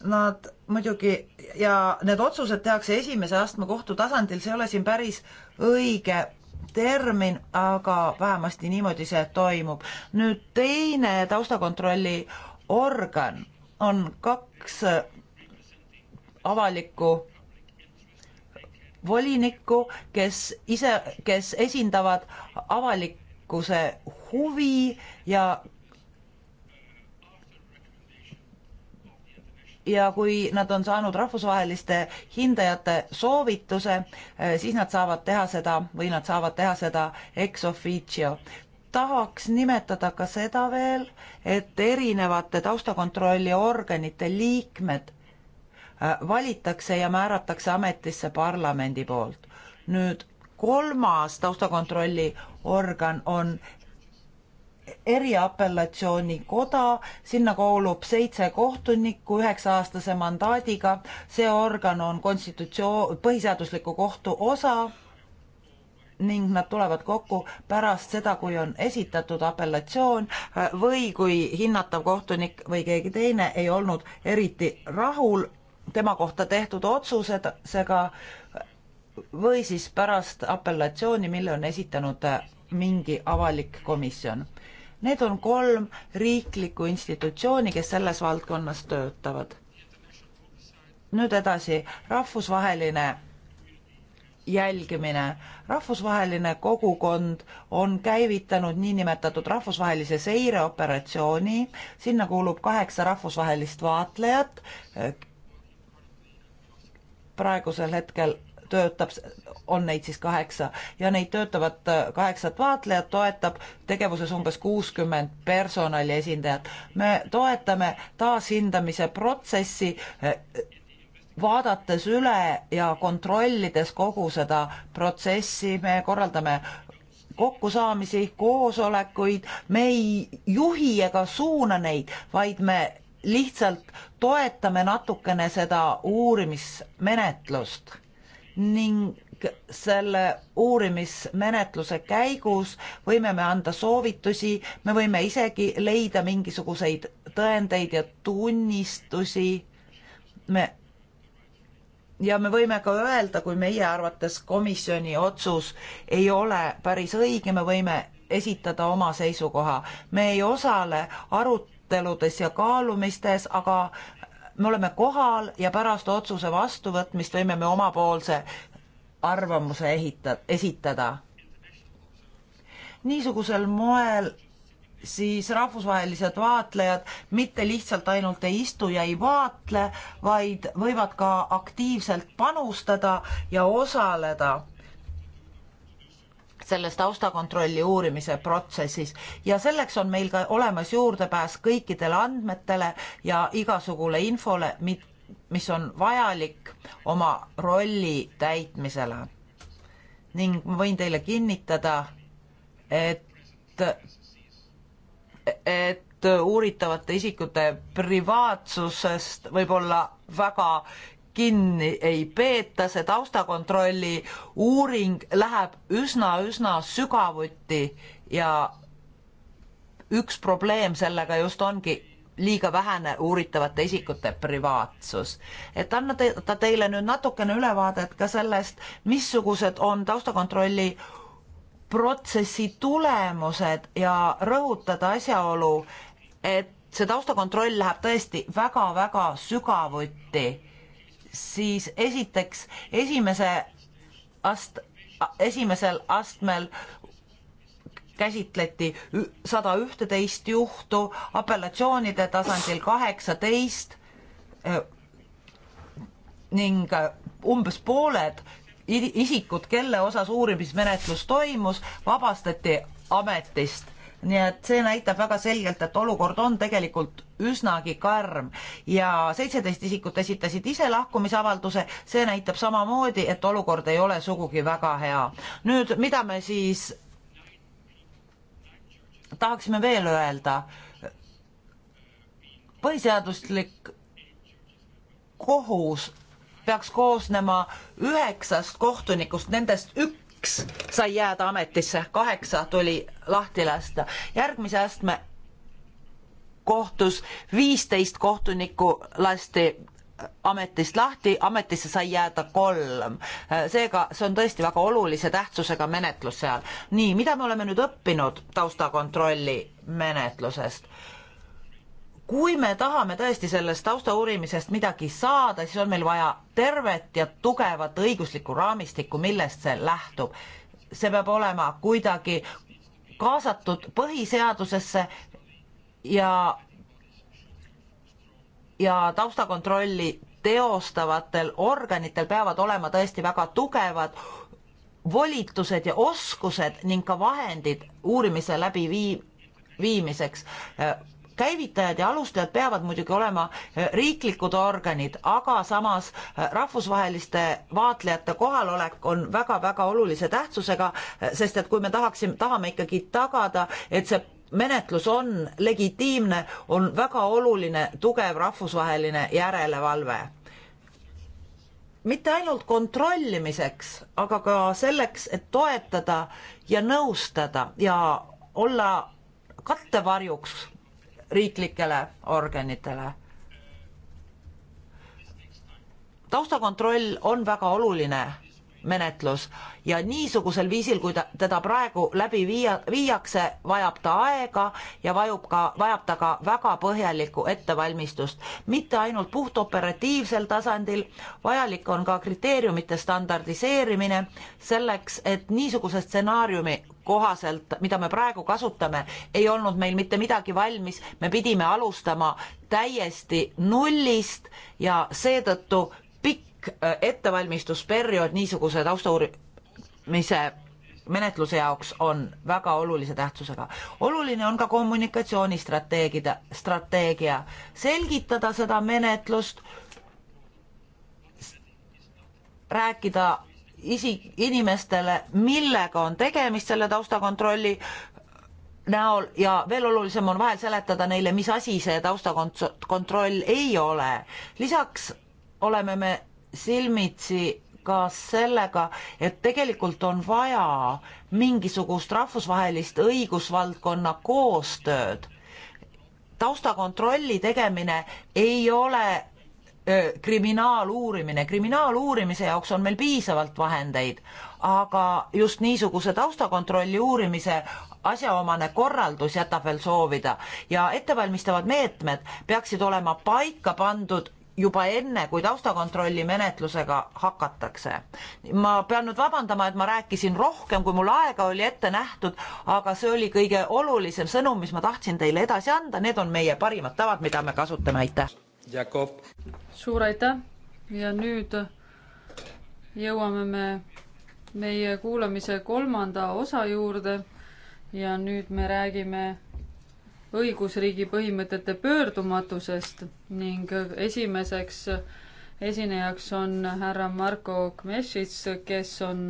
Speaker 1: Nad muidugi ja need otsused tehakse esimese astme kohtu tasandil, see ei ole siin päris õige termin, aga vähemasti niimoodi see toimub. nüüd teine taustakontrolli organ on kaks avalikku volinikku, kes ise, kes esindavad avalikkuse huvi ja ja kui nad on saanud rahvusvaheliste hindajate soovituse, eh, siis nad saavad teha seda või nad saavad teha seda ex officio. tahaks nimetada ka seda veel, et erinevate taustakontrolli organite liikmed Äh, valitakse ja määratakse ametisse parlamendi poolt. nüüd kolmas taustakontrolli organ on eriapellatsioonikoda, sinna kuulub seitse kohtunikku üheksa-aastase mandaadiga, see organ on konstitutsioon, põhiseadusliku kohtu osa ning nad tulevad kokku pärast seda, kui on esitatud apellatsioon äh, või kui hinnatav kohtunik või keegi teine ei olnud eriti rahul tema kohta tehtud otsusega või siis pärast apellatsiooni, mille on esitanud mingi avalik komisjon. Need on kolm riiklikku institutsiooni, kes selles valdkonnas töötavad. nüüd edasi, rahvusvaheline jälgimine. rahvusvaheline kogukond on käivitanud niinimetatud rahvusvahelise seireoperatsiooni, sinna kuulub kaheksa rahvusvahelist vaatlejat praegusel hetkel töötab, on neid siis kaheksa ja neid töötavat äh, kaheksat vaatlejat toetab tegevuses umbes kuuskümmend personali esindajat. me toetame taashindamise protsessi, äh, vaadates üle ja kontrollides kogu seda protsessi, me korraldame kokkusaamisi, koosolekuid, me ei juhi ega suuna neid, vaid me lihtsalt toetame natukene seda uurimismenetlust ning selle uurimismenetluse käigus võime me anda soovitusi, me võime isegi leida mingisuguseid tõendeid ja tunnistusi. me ja me võime ka öelda, kui meie arvates komisjoni otsus ei ole päris õige, me võime esitada oma seisukoha, me ei osale arut-, aruteludes ja kaalumistes, aga me oleme kohal ja pärast otsuse vastuvõtmist võime me omapoolse arvamuse ehita-, esitada. niisugusel moel siis rahvusvahelised vaatlejad mitte lihtsalt ainult ei istu ja ei vaatle, vaid võivad ka aktiivselt panustada ja osaleda selles taustakontrolli uurimise protsessis ja selleks on meil ka olemas juurdepääs kõikidele andmetele ja igasugule infole, mis on vajalik oma rolli täitmisele. ning ma võin teile kinnitada, et, et uuritavate isikute privaatsusest võib olla väga kinni ei peeta, see taustakontrolli uuring läheb üsna-üsna sügavuti ja üks probleem sellega just ongi liiga vähene uuritavate isikute privaatsus. et anna te, ta teile nüüd natukene ülevaadet ka sellest, missugused on taustakontrolli protsessi tulemused ja rõhutada asjaolu, et see taustakontroll läheb tõesti väga-väga sügavuti siis esiteks esimese ast-, esimesel astmel käsitleti sada ühteteist juhtu, apellatsioonide tasandil kaheksateist äh, ning äh, umbes pooled isikud, kelle osas uurimismenetlus toimus, vabastati ametist nii et see näitab väga selgelt, et olukord on tegelikult üsnagi karm ja seitseteist isikut esitasid ise lahkumisavalduse, see näitab samamoodi, et olukord ei ole sugugi väga hea. nüüd, mida me siis tahaksime veel öelda? põhiseaduslik kohus peaks koosnema üheksast kohtunikust, nendest üks kaks sai jääda ametisse, kaheksa tuli lahti lasta. järgmise astme kohtus viisteist kohtunikku lasti ametist lahti, ametisse sai jääda kolm. seega see on tõesti väga olulise tähtsusega menetlus seal. nii, mida me oleme nüüd õppinud taustakontrolli menetlusest? kui me tahame tõesti sellest taustauurimisest midagi saada, siis on meil vaja tervet ja tugevat õiguslikku raamistikku, millest see lähtub. see peab olema kuidagi kaasatud põhiseadusesse ja ja taustakontrolli teostavatel organitel peavad olema tõesti väga tugevad volitused ja oskused ning ka vahendid uurimise läbiviimiseks käivitajad ja alustajad peavad muidugi olema eh, riiklikud organid, aga samas eh, rahvusvaheliste vaatlejate kohalolek on väga-väga olulise tähtsusega, eh, sest et kui me tahaksime, tahame ikkagi tagada, et see menetlus on legitiimne, on väga oluline tugev rahvusvaheline järelevalve. mitte ainult kontrollimiseks, aga ka selleks, et toetada ja nõustada ja olla kattevarjuks riiklikele organitele. taustakontroll on väga oluline menetlus ja niisugusel viisil, kui ta, teda praegu läbi viia, viiakse, vajab ta aega ja vajub ka, vajab ta ka väga põhjalikku ettevalmistust. mitte ainult puht operatiivsel tasandil, vajalik on ka kriteeriumite standardiseerimine selleks, et niisuguse stsenaariumi kohaselt, mida me praegu kasutame, ei olnud meil mitte midagi valmis, me pidime alustama täiesti nullist ja seetõttu pikk äh, ettevalmistusperiood niisuguse taustauurimise menetluse jaoks on väga olulise tähtsusega. oluline on ka kommunikatsioonistrateegide, strateegia, selgitada seda menetlust, rääkida isi, inimestele, millega on tegemist selle taustakontrolli näol ja veel olulisem on vahel seletada neile, mis asi see taustakontroll ei ole. lisaks oleme me silmitsi ka sellega, et tegelikult on vaja mingisugust rahvusvahelist õigusvaldkonna koostööd. taustakontrolli tegemine ei ole öö, kriminaaluurimine, kriminaaluurimise jaoks on meil piisavalt vahendeid, aga just niisuguse taustakontrolli uurimise asjaomane korraldus jätab veel soovida ja ettevalmistavad meetmed peaksid olema paika pandud juba enne, kui taustakontrolli menetlusega hakatakse. ma pean nüüd vabandama, et ma rääkisin rohkem, kui mul aega oli ette nähtud, aga see oli kõige olulisem sõnum, mis ma tahtsin teile edasi anda, need on meie parimad tavad, mida me kasutame, aitäh.
Speaker 2: Jakob.
Speaker 3: suur aitäh ja nüüd jõuame me meie kuulamise kolmanda osa juurde ja nüüd me räägime õigusriigi põhimõtete pöördumatusest ning esimeseks esinejaks on härra Marko Kmešits, kes on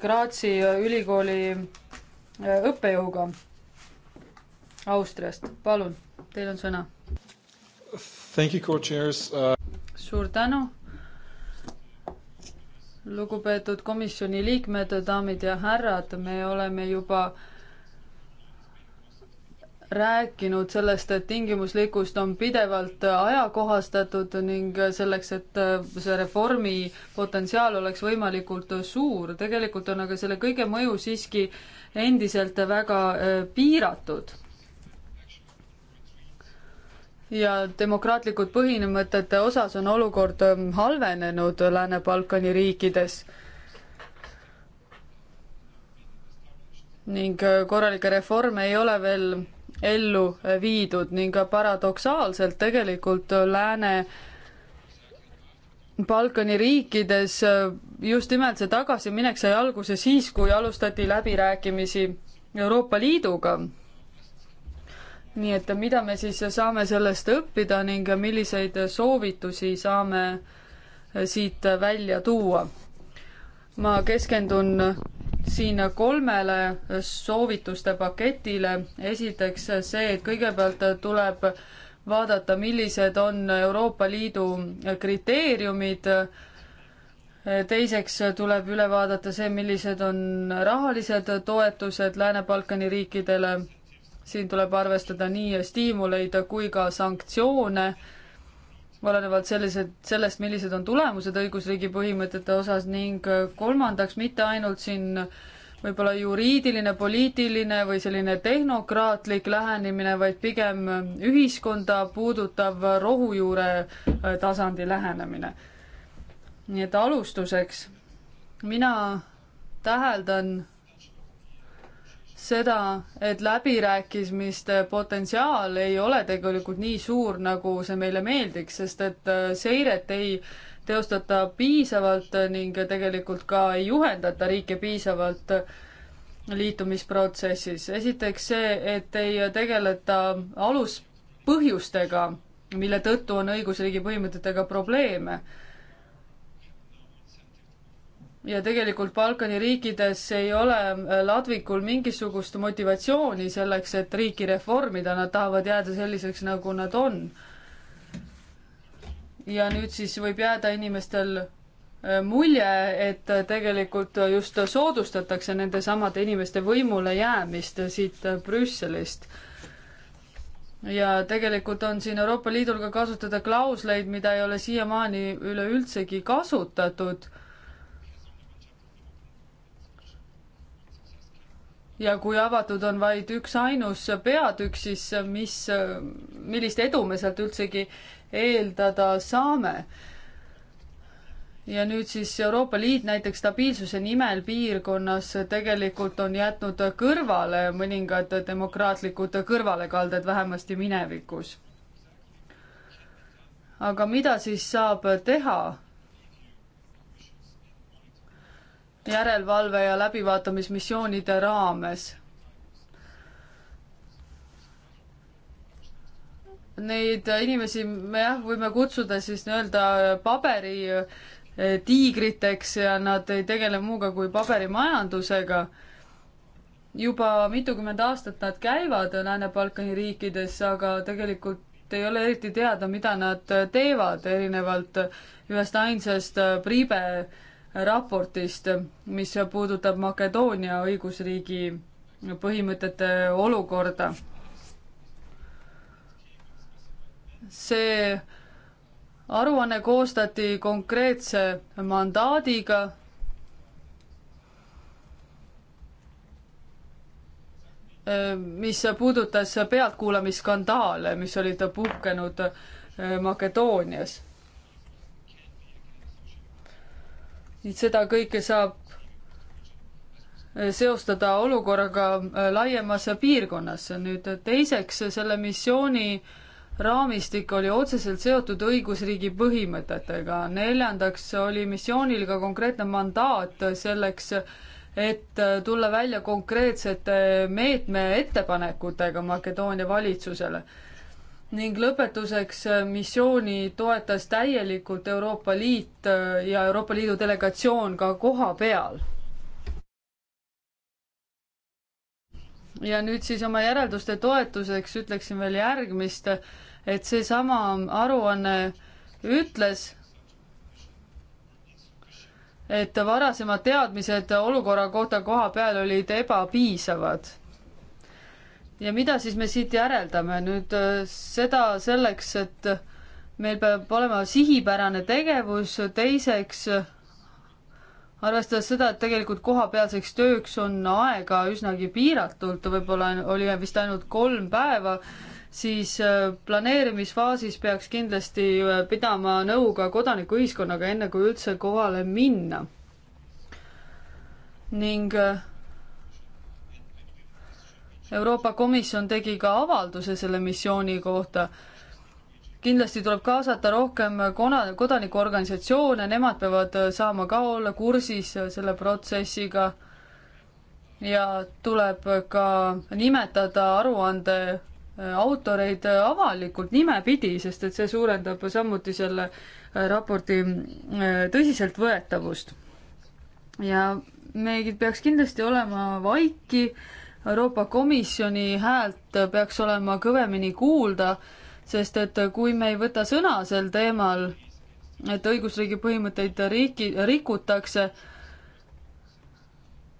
Speaker 3: Graatsi ülikooli äh, õppejõuga Austriast. palun, teil on sõna. Uh... suur tänu lugupeetud komisjoni liikmed, daamid ja härrad, me oleme juba rääkinud sellest, et tingimuslikkust on pidevalt ajakohastatud ning selleks, et see reformi potentsiaal oleks võimalikult suur, tegelikult on aga selle kõige mõju siiski endiselt väga eh, piiratud ja demokraatlikud põhimõtete osas on olukord ähm, halvenenud Lääne-Balkani riikides. ning äh, korralikke reforme ei ole veel ellu äh, viidud ning äh, paradoksaalselt tegelikult Lääne Balkani riikides just nimelt see tagasiminek sai alguse siis, kui alustati läbirääkimisi Euroopa Liiduga nii et mida me siis saame sellest õppida ning milliseid soovitusi saame siit välja tuua? ma keskendun siin kolmele soovituste paketile. esiteks see, et kõigepealt tuleb vaadata, millised on Euroopa Liidu kriteeriumid. teiseks tuleb üle vaadata see, millised on rahalised toetused Lääne-Balkani riikidele siin tuleb arvestada nii stiimuleid kui ka sanktsioone, olenevalt sellised, sellest, millised on tulemused õigusriigi põhimõtete osas ning kolmandaks, mitte ainult siin võib-olla juriidiline, poliitiline või selline tehnokraatlik lähenemine, vaid pigem ühiskonda puudutav rohujuure äh, tasandi lähenemine. nii et alustuseks mina täheldan seda, et läbirääkimiste potentsiaal ei ole tegelikult nii suur, nagu see meile meeldiks, sest et äh, seiret ei teostata piisavalt ning tegelikult ka ei juhendata riike piisavalt liitumisprotsessis. esiteks see, et ei tegeleta aluspõhjustega, mille tõttu on õigusriigi põhimõtetega probleeme ja tegelikult Balkani riikides ei ole äh, ladvikul mingisugust motivatsiooni selleks, et riiki reformida, nad tahavad jääda selliseks, nagu nad on. ja nüüd siis võib jääda inimestel äh, mulje, et äh, tegelikult just soodustatakse nendesamade inimeste võimule jäämist siit Brüsselist. ja tegelikult on siin Euroopa Liidul ka kasutada klausleid, mida ei ole siiamaani üleüldsegi kasutatud ja kui avatud on vaid üksainus peatükk, siis äh, mis, äh, millist edu me sealt üldsegi eeldada saame? ja nüüd siis Euroopa Liit näiteks stabiilsuse nimel piirkonnas tegelikult on jätnud kõrvale mõningad demokraatlikud kõrvalekalded, vähemasti minevikus. aga mida siis saab teha? järelevalve ja läbivaatamismissioonide raames. Neid inimesi me jah, võime kutsuda siis nii-öelda paberitiigriteks eh, ja nad ei tegele muuga kui paberimajandusega. juba mitukümmend aastat nad käivad Lääne-Balkani riikides, aga tegelikult ei ole eriti teada, mida nad teevad, erinevalt ühest ainsast eh, Priibe äh, raportist, mis puudutab Makedoonia õigusriigi põhimõtete olukorda. see aruanne koostati konkreetse mandaadiga. mis puudutas pealtkuulamisskandaale, mis olid puhkenud Makedoonias seda kõike saab äh, seostada olukorraga äh, laiemas piirkonnas. nüüd äh, teiseks, selle missiooni raamistik oli otseselt seotud õigusriigi põhimõtetega. neljandaks oli missioonil ka konkreetne mandaat selleks, et tulla välja konkreetsete meetme ettepanekutega Makedoonia valitsusele ning lõpetuseks äh, missiooni toetas täielikult Euroopa Liit äh, ja Euroopa Liidu delegatsioon ka koha peal. ja nüüd siis oma järelduste toetuseks ütleksin veel järgmist, et seesama aruanne ütles, et varasemad teadmised olukorra kohta koha peal olid ebapiisavad ja mida siis me siit järeldame nüüd äh, seda selleks, et meil peab olema sihipärane tegevus, teiseks arvestades seda, et tegelikult kohapealseks tööks on aega üsnagi piiratult, võib-olla oli vist ainult kolm päeva, siis äh, planeerimisfaasis peaks kindlasti äh, pidama nõu ka kodanikuühiskonnaga, enne kui üldse kohale minna. ning Euroopa Komisjon tegi ka avalduse selle missiooni kohta. kindlasti tuleb kaasata rohkem kona-, kodanikuorganisatsioone, nemad peavad saama ka olla kursis selle protsessiga ja tuleb ka nimetada aruande äh, autoreid avalikult nimepidi, sest et see suurendab samuti selle äh, raporti äh, tõsiseltvõetavust. ja me peaks kindlasti olema vaiki äh, Euroopa Komisjoni häält peaks olema kõvemini kuulda, sest et kui me ei võta sõna sel teemal, et õigusriigi põhimõtteid riiki, rikutakse,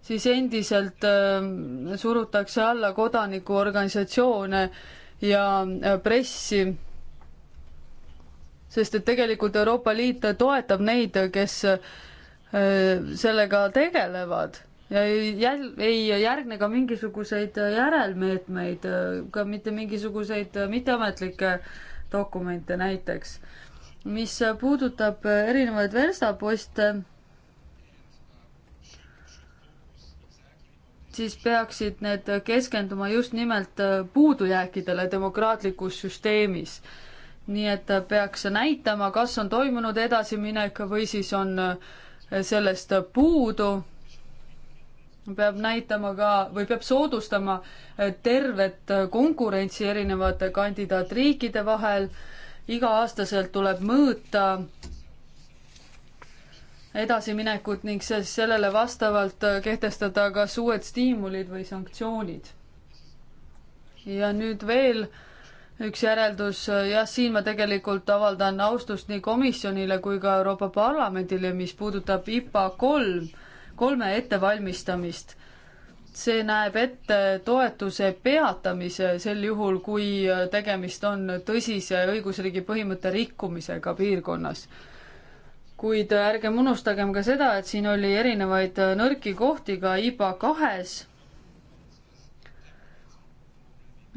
Speaker 3: siis endiselt äh, surutakse alla kodanikuorganisatsioone ja äh, pressi. sest et tegelikult Euroopa Liit toetab neid, kes äh, sellega tegelevad jäl-, ei järgne ka mingisuguseid äh, järelmeetmeid, äh, ka mitte mingisuguseid äh, mitteametlikke dokumente näiteks. mis puudutab erinevaid verstaposte, siis peaksid need keskenduma just nimelt puudujääkidele demokraatlikus süsteemis. nii et peaks näitama, kas on toimunud edasiminek või siis on sellest puudu peab näitama ka või peab soodustama eh, tervet eh, konkurentsi erinevate kandidaatriikide vahel. iga-aastaselt tuleb mõõta edasiminekut ning siis sellele vastavalt eh, kehtestada kas uued stiimulid või sanktsioonid. ja nüüd veel üks järeldus, jah, siin ma tegelikult avaldan austust nii komisjonile kui ka Euroopa Parlamendile, mis puudutab IPA kolm kolme ettevalmistamist. see näeb ette toetuse peatamise sel juhul, kui tegemist on tõsise õigusriigi põhimõtte rikkumisega piirkonnas kuid ärgem unustagem ka seda, et siin oli erinevaid nõrki kohti ka IBA kahes.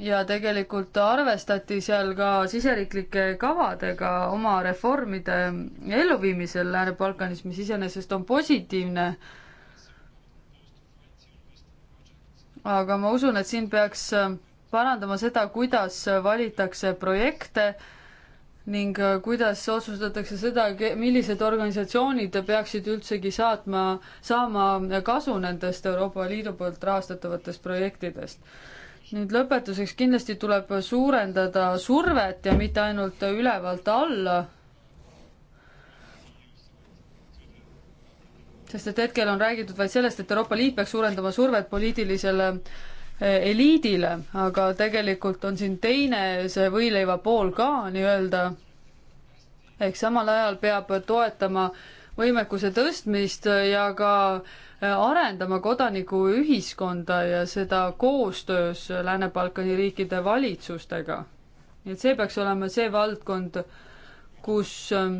Speaker 3: ja tegelikult arvestati seal ka siseriiklike kavadega oma reformide elluviimisel Lääne-Balkanis, mis iseenesest on positiivne aga ma usun, et siin peaks äh, parandama seda, kuidas äh, valitakse projekte ning äh, kuidas otsustatakse seda, millised organisatsioonid peaksid üldsegi saatma, saama kasu nendest Euroopa Liidu poolt rahastatavatest projektidest. nüüd lõpetuseks kindlasti tuleb suurendada survet ja mitte ainult ülevalt alla sest et hetkel on räägitud vaid sellest, et Euroopa Liit peaks suurendama survet poliitilisele eh, eliidile, aga tegelikult on siin teine see võileiva pool ka nii-öelda, ehk samal ajal peab toetama võimekuse tõstmist ja ka eh, arendama kodanikuühiskonda ja seda koostöös Lääne-Balkani riikide valitsustega. nii et see peaks olema see valdkond, kus eh,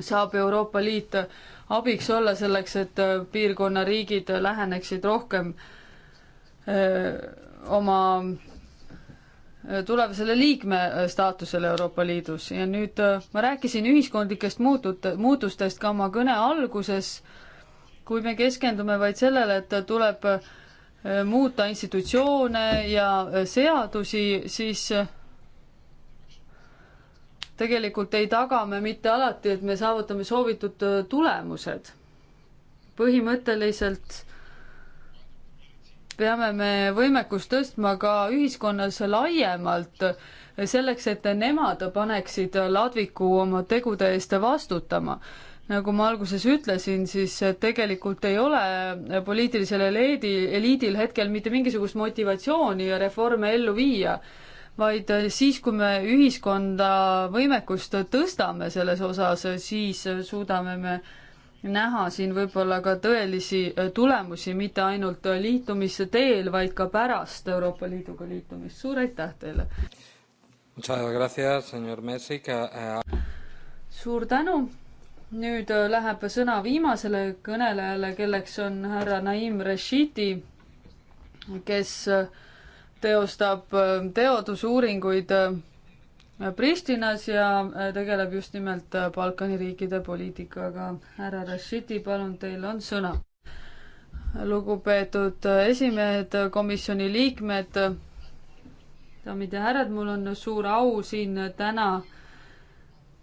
Speaker 3: saab Euroopa Liit abiks olla selleks, et äh, piirkonna riigid läheneksid rohkem öö, äh, oma äh, tulevasele liikme staatusele Euroopa Liidus ja nüüd ma rääkisin ühiskondlikest muutut-, muutustest ka oma kõne alguses, kui me keskendume vaid sellele, et tuleb muuta institutsioone ja seadusi, siis tegelikult ei taga me mitte alati, et me saavutame soovitud tulemused. põhimõtteliselt peame me võimekust tõstma ka ühiskonnas laiemalt, selleks et nemad paneksid ladviku oma tegude eest vastutama. nagu ma alguses ütlesin, siis tegelikult ei ole poliitilisel eliidil, eliidil hetkel mitte mingisugust motivatsiooni reforme ellu viia vaid äh, siis, kui me ühiskonda võimekust tõstame selles osas, äh, siis äh, suudame me näha siin võib-olla ka tõelisi tulemusi, mitte ainult liitumise teel, vaid ka pärast Euroopa Liiduga liitumist. suur aitäh teile! Eh, suur tänu! nüüd läheb sõna viimasele kõnelejale, kelleks on härra Naim Reshiti, kes äh, teostab äh, teadusuuringuid äh, Pristinas ja äh, tegeleb just nimelt Balkani riikide poliitikaga. härra Rashidi, palun, teil on sõna. lugupeetud esimehed, komisjoni liikmed, daamid ja härrad, mul on suur au siin täna äh,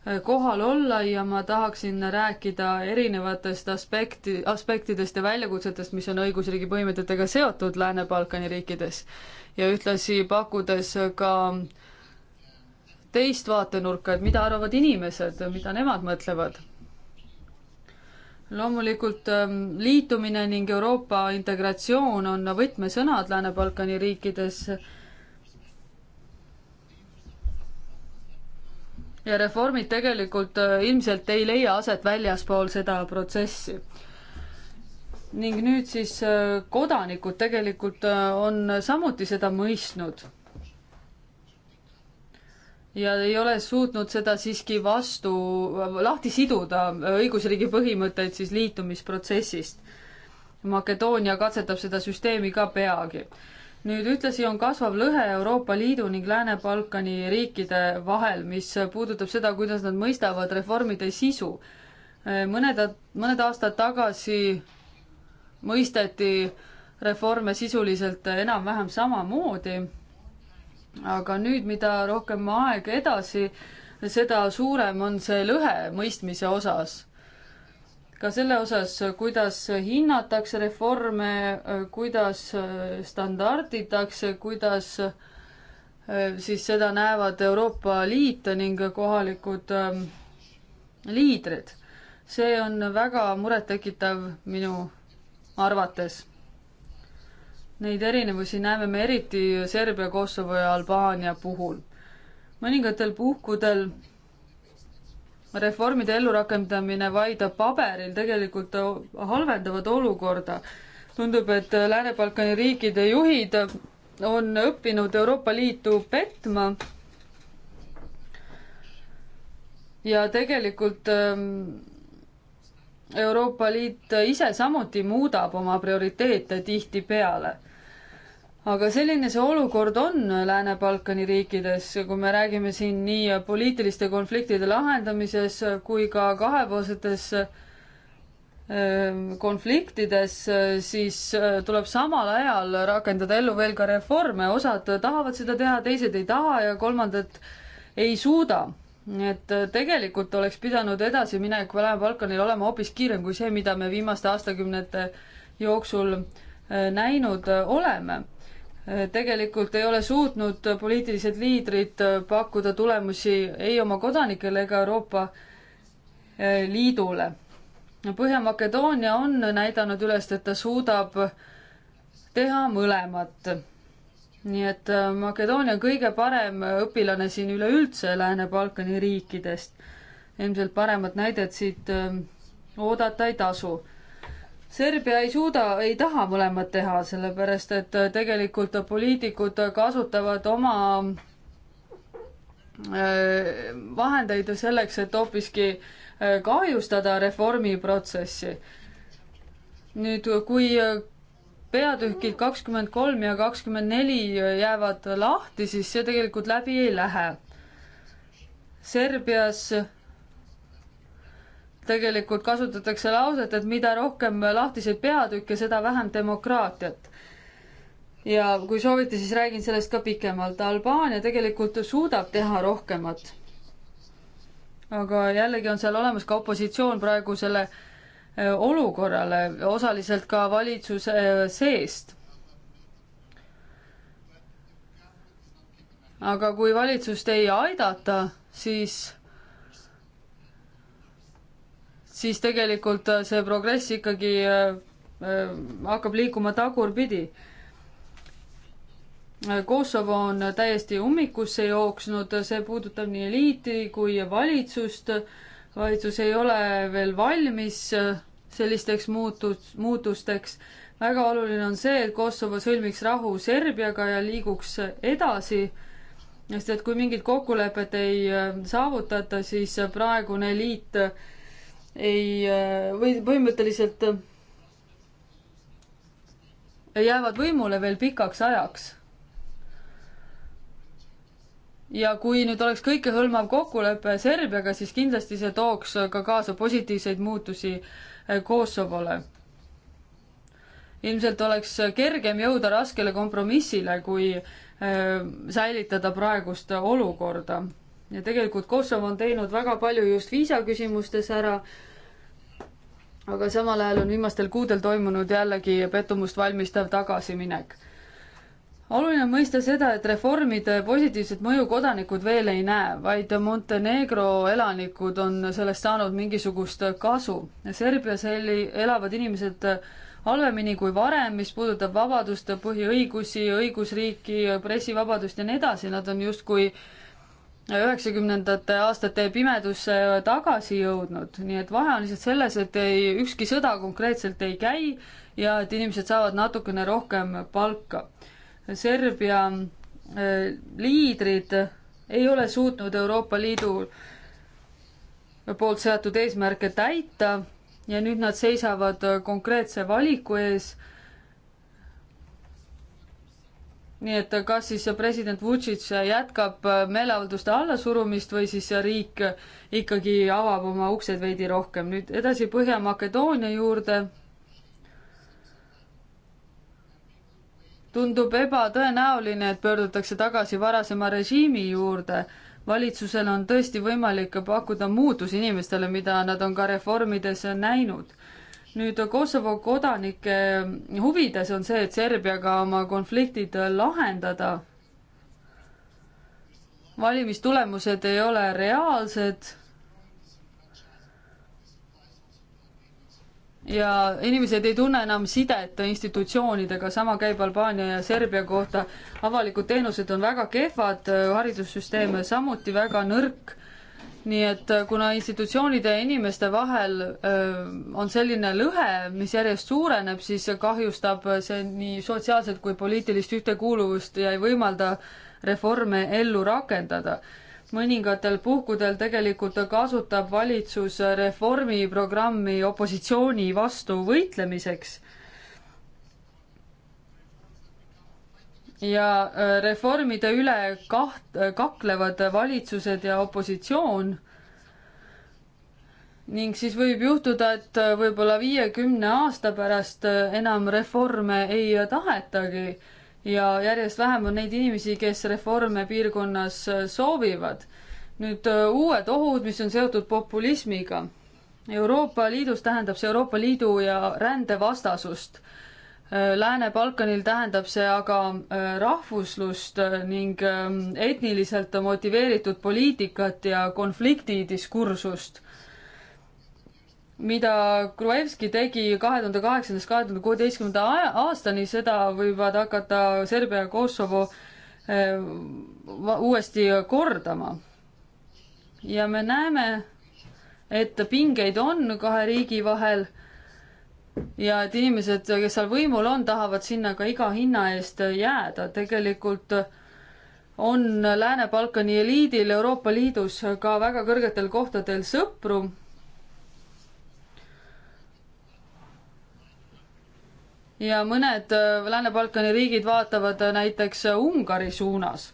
Speaker 3: Äh, kohal olla ja ma tahaksin rääkida erinevatest aspekti, aspektidest ja väljakutsetest, mis on õigusriigi põhimõtetega seotud Lääne-Balkani riikides. ja ühtlasi pakkudes ka teist vaatenurka, et mida arvavad inimesed, mida nemad mõtlevad. loomulikult ähm, liitumine ning Euroopa integratsioon on võtmesõnad Lääne-Balkani riikides ja reformid tegelikult äh, ilmselt ei leia aset väljaspool seda protsessi. ning nüüd siis äh, kodanikud tegelikult äh, on samuti seda mõistnud. ja ei ole suutnud seda siiski vastu, lahti siduda õigusriigi põhimõtteid siis liitumisprotsessist. Makedoonia katsetab seda süsteemi ka peagi nüüd ühtlasi on kasvav lõhe Euroopa Liidu ning Lääne-Balkani riikide vahel, mis puudutab seda, kuidas nad mõistavad reformide sisu. mõned, mõned aastad tagasi mõisteti reforme sisuliselt enam-vähem samamoodi, aga nüüd, mida rohkem aeg edasi, seda suurem on see lõhe mõistmise osas ka selle osas, kuidas hinnatakse reforme, kuidas standarditakse, kuidas eh, siis seda näevad Euroopa Liit ning kohalikud eh, liidrid. see on väga murettekitav minu arvates. Neid erinevusi näeme me eriti Serbia, Kosovo ja Albaania puhul. mõningatel puhkudel reformide ellurakendamine vaid paberil tegelikult halvendavad olukorda. tundub, et Lääne-Balkani riikide juhid on õppinud Euroopa Liitu petma ja tegelikult ähm, Euroopa Liit ise samuti muudab oma prioriteete tihtipeale aga selline see olukord on Lääne-Balkani riikides, kui me räägime siin nii poliitiliste konfliktide lahendamises kui ka kahepoolsetes ähm, konfliktides, siis äh, tuleb samal ajal rakendada ellu veel ka reforme, osad tahavad seda teha, teised ei taha ja kolmandad ei suuda. et äh, tegelikult oleks pidanud edasiminek Lääne-Balkanil olema hoopis kiirem kui see, mida me viimaste aastakümnete jooksul äh, näinud oleme tegelikult ei ole suutnud poliitilised liidrid pakkuda tulemusi ei oma kodanikele ega Euroopa eh, Liidule. Põhja-Makedoonia on näidanud üles, et ta suudab teha mõlemat. nii et eh, Makedoonia on kõige parem õpilane siin üleüldse Lääne-Balkani riikidest. ilmselt paremat näidet siit eh, oodata ei tasu Serbia ei suuda, ei taha mõlemat teha, sellepärast et äh, tegelikult poliitikud kasutavad oma äh, vahendeid selleks, et hoopiski äh, kahjustada reformiprotsessi. nüüd, kui peatükid kakskümmend kolm ja kakskümmend neli jäävad lahti, siis see tegelikult läbi ei lähe. Serbias tegelikult kasutatakse lauset, et mida rohkem lahtiseid peatükke, seda vähem demokraatiat. ja kui soovite, siis räägin sellest ka pikemalt. Albaania tegelikult suudab teha rohkemat. aga jällegi on seal olemas ka opositsioon praegusele e, olukorrale, osaliselt ka valitsuse e, seest. aga kui valitsust ei aidata, siis siis tegelikult äh, see progress ikkagi äh, äh, hakkab liikuma tagurpidi. Kosovo on täiesti ummikusse jooksnud, see puudutab nii eliiti kui valitsust. valitsus ei ole veel valmis sellisteks muutus, muutusteks. väga oluline on see, et Kosovo sõlmiks rahu Serbiaga ja liiguks edasi sest et kui mingit kokkulepet ei saavutata, siis praegune eliit ei, äh, või põhimõtteliselt äh, jäävad võimule veel pikaks ajaks. ja kui nüüd oleks kõikehõlmav kokkulepe Serbiaga, siis kindlasti see tooks ka kaasa positiivseid muutusi äh, Kosovole. ilmselt oleks kergem jõuda raskele kompromissile, kui säilitada praegust olukorda ja tegelikult Kosovo on teinud väga palju just viisaküsimustes ära, aga samal ajal on viimastel kuudel toimunud jällegi pettumust valmistav tagasiminek. oluline on mõista seda, et reformide positiivset mõju kodanikud veel ei näe, vaid Montenegro elanikud on sellest saanud mingisugust kasu. Serbias eli-, elavad inimesed halvemini kui varem, mis puudutab vabadust, põhiõigusi, õigusriiki, pressivabadust ja nii edasi, nad on justkui äh, üheksakümnendate aastate pimedusse tagasi jõudnud, nii et vahe on lihtsalt selles, et ei, ükski sõda konkreetselt ei käi ja et inimesed saavad natukene rohkem palka. Serbia äh, liidrid ei ole suutnud Euroopa Liidu poolt seatud eesmärke täita ja nüüd nad seisavad konkreetse valiku ees nii et kas siis president Vutšitš jätkab meeleavalduste allasurumist või siis riik ikkagi avab oma uksed veidi rohkem. nüüd edasi Põhja-Makedoonia juurde. tundub ebatõenäoline, et pöördutakse tagasi varasema režiimi juurde. valitsusel on tõesti võimalik pakkuda muutusi inimestele, mida nad on ka reformides näinud nüüd Kosovo kodanike huvides on see, et Serbiaga oma konfliktid lahendada. valimistulemused ei ole reaalsed. ja inimesed ei tunne enam sidet institutsioonidega, sama käib Albaania ja Serbia kohta. avalikud teenused on väga kehvad, haridussüsteem samuti väga nõrk nii et äh, kuna institutsioonide ja inimeste vahel öö, äh, on selline lõhe, mis järjest suureneb, siis kahjustab see nii sotsiaalset kui poliitilist ühtekuuluvust ja ei võimalda reforme ellu rakendada. mõningatel puhkudel tegelikult kasutab valitsus reformiprogrammi opositsiooni vastu võitlemiseks ja äh, reformide üle kaht-, kaklevad valitsused ja opositsioon. ning siis võib juhtuda, et äh, võib-olla viiekümne aasta pärast äh, enam reforme ei tahetagi ja järjest vähem on neid inimesi, kes reforme piirkonnas soovivad. nüüd uued ohud, mis on seotud populismiga. Euroopa Liidus tähendab see Euroopa Liidu ja rändevastasust Lääne-Balkanil tähendab see aga äh, rahvuslust äh, ning ähm, etniliselt motiveeritud poliitikat ja konfliktidiskursust, mida Gruevski tegi kahe tuhande kaheksandast kahe tuhande kuueteistkümnenda aastani, seda võivad hakata Serbia ja Kosovo äh, uuesti kordama. ja me näeme, et pingeid on kahe riigi vahel ja et inimesed, kes seal võimul on, tahavad sinna ka iga hinna eest jääda. tegelikult on Lääne-Balkani eliidil Euroopa Liidus ka väga kõrgetel kohtadel sõpru. ja mõned Lääne-Balkani riigid vaatavad näiteks Ungari suunas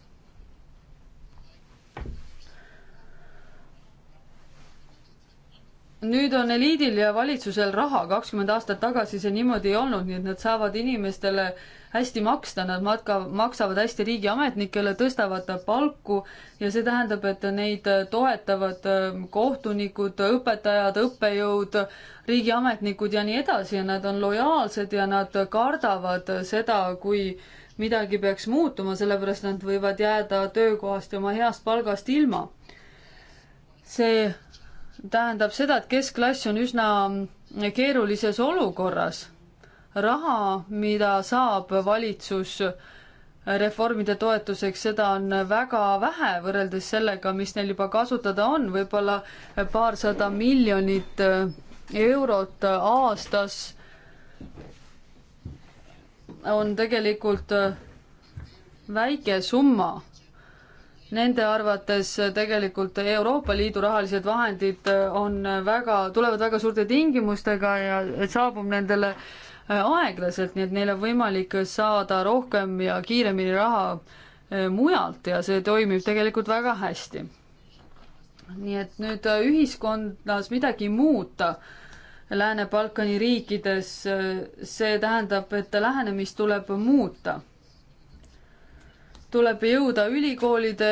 Speaker 3: nüüd on eliidil ja valitsusel raha, kakskümmend aastat tagasi see niimoodi ei olnud, nii et nad saavad inimestele hästi maksta, nad matka, maksavad hästi riigiametnikele, tõstavad palku ja see tähendab, et neid toetavad ähm, kohtunikud, õpetajad, õppejõud, riigiametnikud ja nii edasi ja nad on lojaalsed ja nad kardavad seda, kui midagi peaks muutuma, sellepärast nad võivad jääda töökohast ja oma heast palgast ilma. see tähendab seda, et keskklass on üsna keerulises olukorras. raha, mida saab valitsus reformide toetuseks, seda on väga vähe võrreldes sellega, mis neil juba kasutada on, võib-olla paarsada miljonit eurot aastas on tegelikult väike summa Nende arvates tegelikult Euroopa Liidu rahalised vahendid äh, on äh, väga, tulevad väga suurte tingimustega ja saabub nendele äh, aeglaselt, nii et neil on võimalik saada rohkem ja kiiremini raha mujalt ja see toimib tegelikult väga hästi. nii et nüüd ühiskonnas midagi muuta Lääne-Balkani riikides, see tähendab, et lähenemist tuleb muuta tuleb jõuda ülikoolide,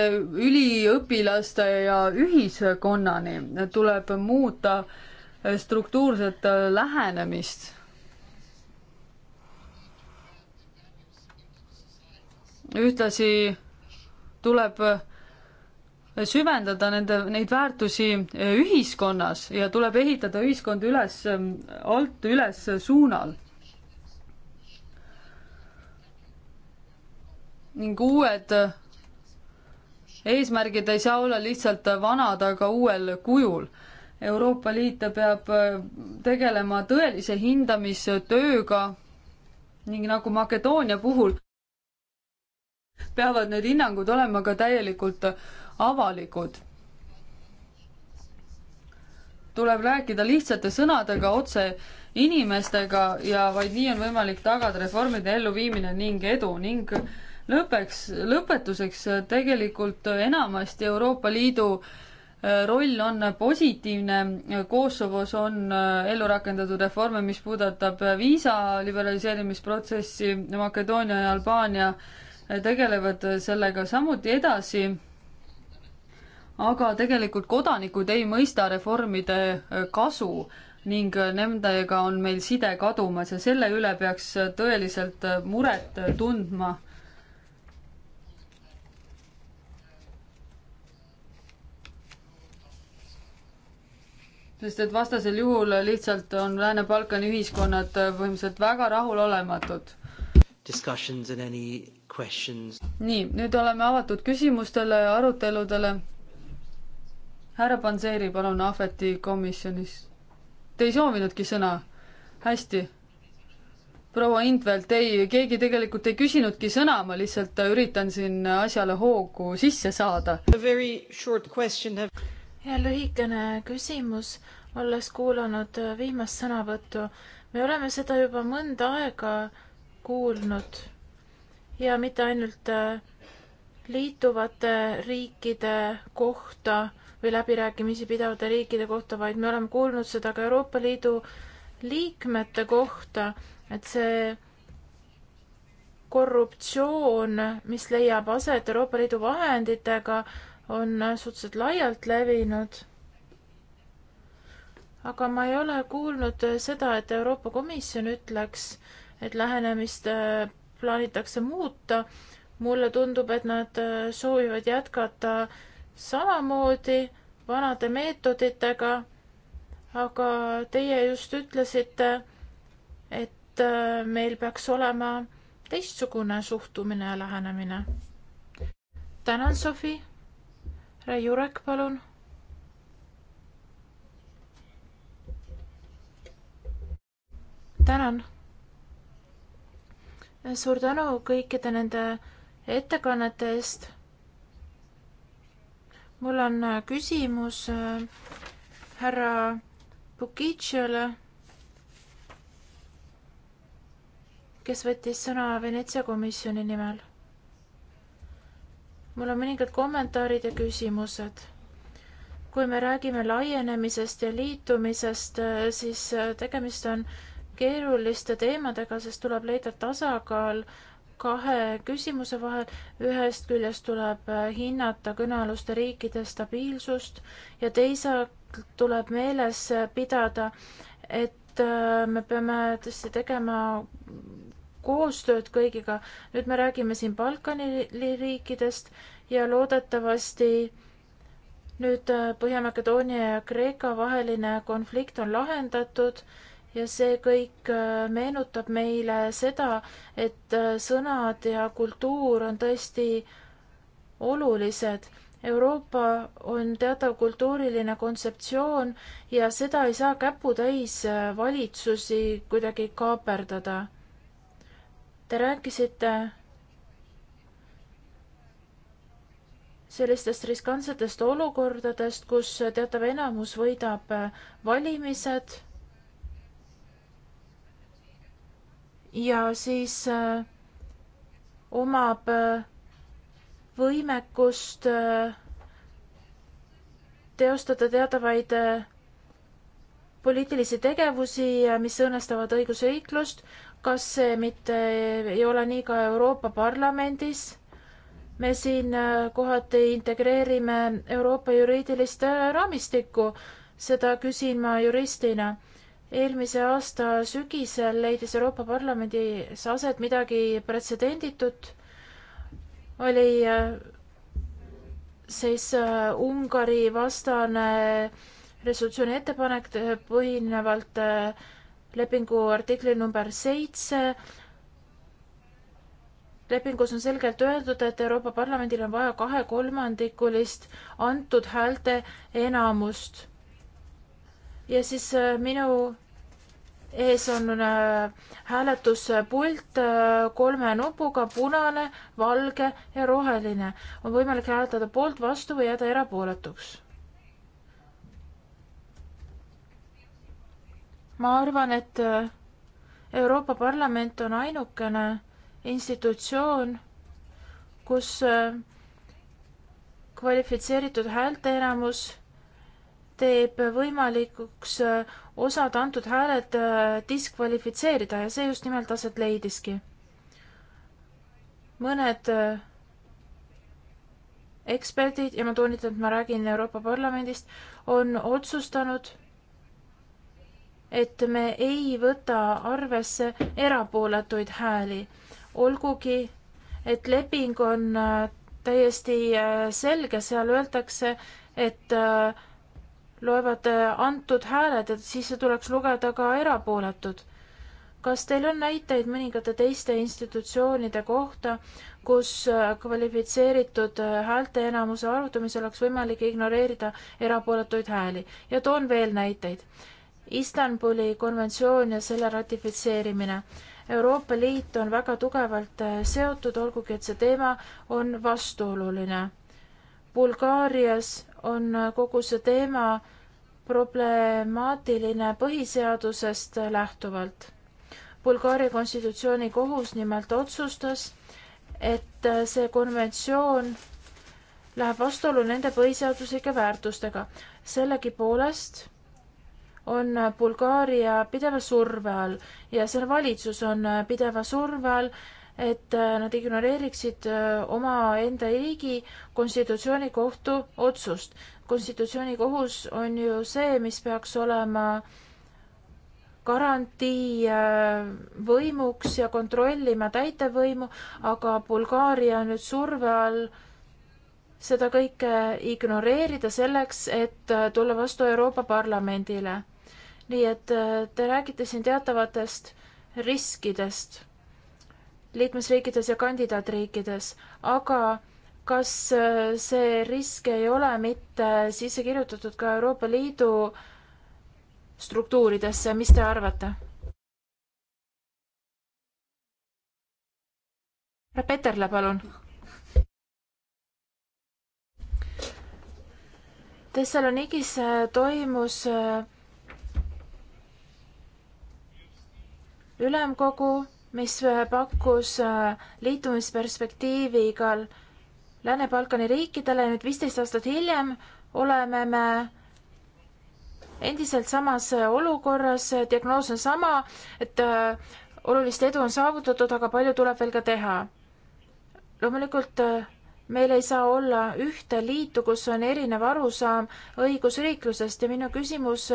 Speaker 3: üliõpilaste ja ühiskonnani, tuleb muuta eh, struktuurset eh, lähenemist. ühtlasi tuleb eh, süvendada nende, neid väärtusi ühiskonnas ja tuleb ehitada ühiskond üles, alt üles suunal ning uued eesmärgid ei saa olla lihtsalt vanad, aga uuel kujul. Euroopa Liit peab tegelema tõelise hindamistööga ning nagu Makedoonia puhul peavad need hinnangud olema ka täielikult avalikud. tuleb rääkida lihtsate sõnadega otse inimestega ja vaid nii on võimalik tagada reformide elluviimine ning edu ning äh, lõpeks, lõpetuseks äh, tegelikult äh, enamasti Euroopa Liidu äh, roll on positiivne, Kosovos on ellu rakendatud reforme, mis puudutab viisa liberaliseerimisprotsessi, Makedoonia ja Albaania tegelevad sellega samuti edasi, aga tegelikult kodanikud ei mõista reformide kasu ning nendega on meil side kadumas ja selle üle peaks tõeliselt muret tundma. sest et vastasel juhul lihtsalt on Lääne-Balkani ühiskonnad põhimõtteliselt väga rahulolematud. nii, nüüd oleme avatud küsimustele ja aruteludele. härra Panseri, palun, Ahveti komisjonis. Te ei soovinudki sõna? hästi. proua Indvelt, ei, keegi tegelikult ei küsinudki sõna, ma lihtsalt üritan siin asjale hoogu sisse saada. Have
Speaker 2: ja lühikene küsimus, olles kuulanud viimast sõnavõttu. me oleme seda juba mõnda aega kuulnud ja mitte ainult äh, liituvate riikide kohta või läbirääkimisi pidavate riikide kohta, vaid me oleme kuulnud seda ka Euroopa Liidu liikmete kohta, et see korruptsioon, mis leiab aset Euroopa Liidu vahenditega, on suhteliselt laialt levinud. aga ma ei ole kuulnud seda, et Euroopa Komisjon ütleks, et lähenemist äh, plaanitakse muuta. mulle tundub, et nad äh, soovivad jätkata samamoodi vanade meetoditega. aga teie just ütlesite, et äh, meil peaks olema teistsugune suhtumine ja lähenemine. tänan, Sofi härra Jurek, palun. tänan. suur tänu kõikide nende ettekannete eest. mul on küsimus äh, härra Pukicciole kes võttis sõna Venetsia komisjoni nimel mul on mõningad kommentaarid ja küsimused. kui me räägime laienemisest ja liitumisest, siis tegemist on keeruliste teemadega, sest tuleb leida tasakaal kahe küsimuse vahel. ühest küljest tuleb hinnata kõnealuste riikide stabiilsust ja teisalt tuleb meeles pidada, et me peame tõesti tegema koostööd kõigiga. nüüd me räägime siin Balkani riikidest ja loodetavasti nüüd äh, Põhja-Makedoonia ja Kreeka vaheline konflikt on lahendatud ja see kõik äh, meenutab meile seda, et äh, sõnad ja kultuur on tõesti olulised. Euroopa on teatav kultuuriline kontseptsioon ja seda ei saa käputäis valitsusi kuidagi kaaperdada. Te rääkisite sellistest riskantsetest olukordadest, kus teatav enamus võidab valimised. ja siis äh, omab äh, võimekust äh, teostada teatavaid poliitilisi tegevusi, mis õõnestavad õigusriiklust kas see mitte ei ole nii ka Euroopa Parlamendis? me siin äh, kohati integreerime Euroopa juriidilist äh, raamistikku, seda küsin ma juristina. eelmise aasta sügisel leidis Euroopa Parlamendis aset midagi pretsedenditut, oli äh, siis Ungari vastane resolutsiooni ettepanek põhinevalt äh, lepingu artikli number seitse. lepingus on selgelt öeldud, et Euroopa Parlamendil on vaja kahekolmandikulist antud häälte enamust. ja siis äh, minu ees on äh, hääletuspult äh, kolme nupuga punane, valge ja roheline. on võimalik hääletada poolt, vastu või jääda erapooletuks ma arvan, et äh, Euroopa Parlament on ainukene institutsioon, kus äh, kvalifitseeritud häälteenamus teeb võimalikuks äh, osad antud hääled diskvalifitseerida ja see just nimelt aset leidiski. mõned eksperdid ja ma toonitan, et ma räägin Euroopa Parlamendist, on otsustanud, et me ei võta arvesse erapooletuid hääli, olgugi et leping on äh, täiesti äh, selge, seal öeldakse, et äh, loevad antud hääled, et sisse tuleks lugeda ka erapooletud. kas teil on näiteid mõningate teiste institutsioonide kohta, kus kvalifitseeritud häälteenamuse arvutamisel oleks võimalik ignoreerida erapooletuid hääli? ja toon veel näiteid. Istanbuli konventsioon ja selle ratifitseerimine. Euroopa Liit on väga tugevalt äh, seotud, olgugi et see teema on vastuoluline. Bulgaarias on äh, kogu see teema problemaatiline põhiseadusest äh, lähtuvalt. Bulgaaria konstitutsiooni kohus nimelt otsustas, et see konventsioon läheb vastuollu nende põhiseaduslike väärtustega. sellegipoolest on Bulgaaria pideva surve all ja selle valitsus on pideva surve all, et nad ignoreeriksid äh, omaenda riigi konstitutsioonikohtu otsust. konstitutsioonikohus on ju see, mis peaks olema garantii äh, võimuks ja kontrollima täitevvõimu, aga Bulgaaria on nüüd surve all seda kõike ignoreerida selleks, et äh, tulla vastu Euroopa Parlamendile nii et äh, te räägite siin teatavatest riskidest liikmesriikides ja kandidaatriikides, aga kas äh, see risk ei ole mitte sisse kirjutatud ka Euroopa Liidu struktuuridesse, mis te arvate? härra Peterle, palun. Thessalonikis äh, toimus äh, ülemkogu, mis äh, pakkus äh, liitumisperspektiivi igal Lääne-Balkani riikidele ja nüüd viisteist aastat hiljem oleme me endiselt samas äh, olukorras, diagnoos on sama, et olulist edu on saavutatud, aga palju tuleb veel ka teha. loomulikult meil ei saa olla ühte liitu, kus on erinev arusaam õigusriiklusest ja minu küsimus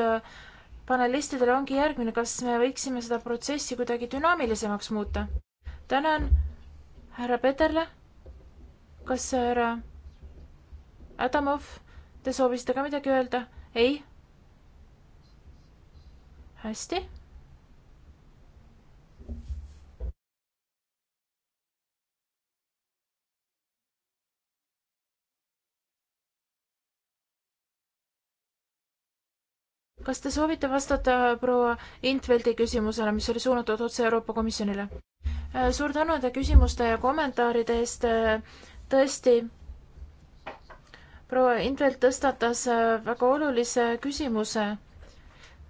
Speaker 2: panelistidele ongi järgmine, kas me võiksime seda protsessi kuidagi dünaamilisemaks muuta? tänan härra Peterle. kas härra Adamov, te soovisite ka midagi öelda? ei? hästi kas te soovite vastata proua Intveldi küsimusele, mis oli suunatud otse Euroopa Komisjonile? Äh, suur tänu teie küsimuste ja kommentaaride eest, äh, tõesti, proua Intvelt tõstatas äh, väga olulise küsimuse.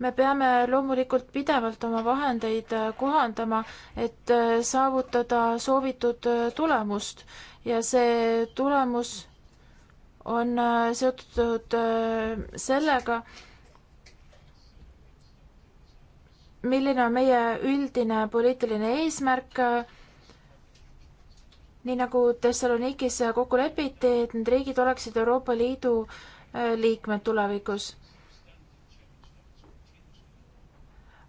Speaker 2: me peame loomulikult pidevalt oma vahendeid kohandama, et saavutada soovitud tulemust ja see tulemus on seotud sellega, milline on meie üldine poliitiline eesmärk. nii nagu Thessalonikis kokku lepiti, et need riigid oleksid Euroopa Liidu äh, liikmed tulevikus.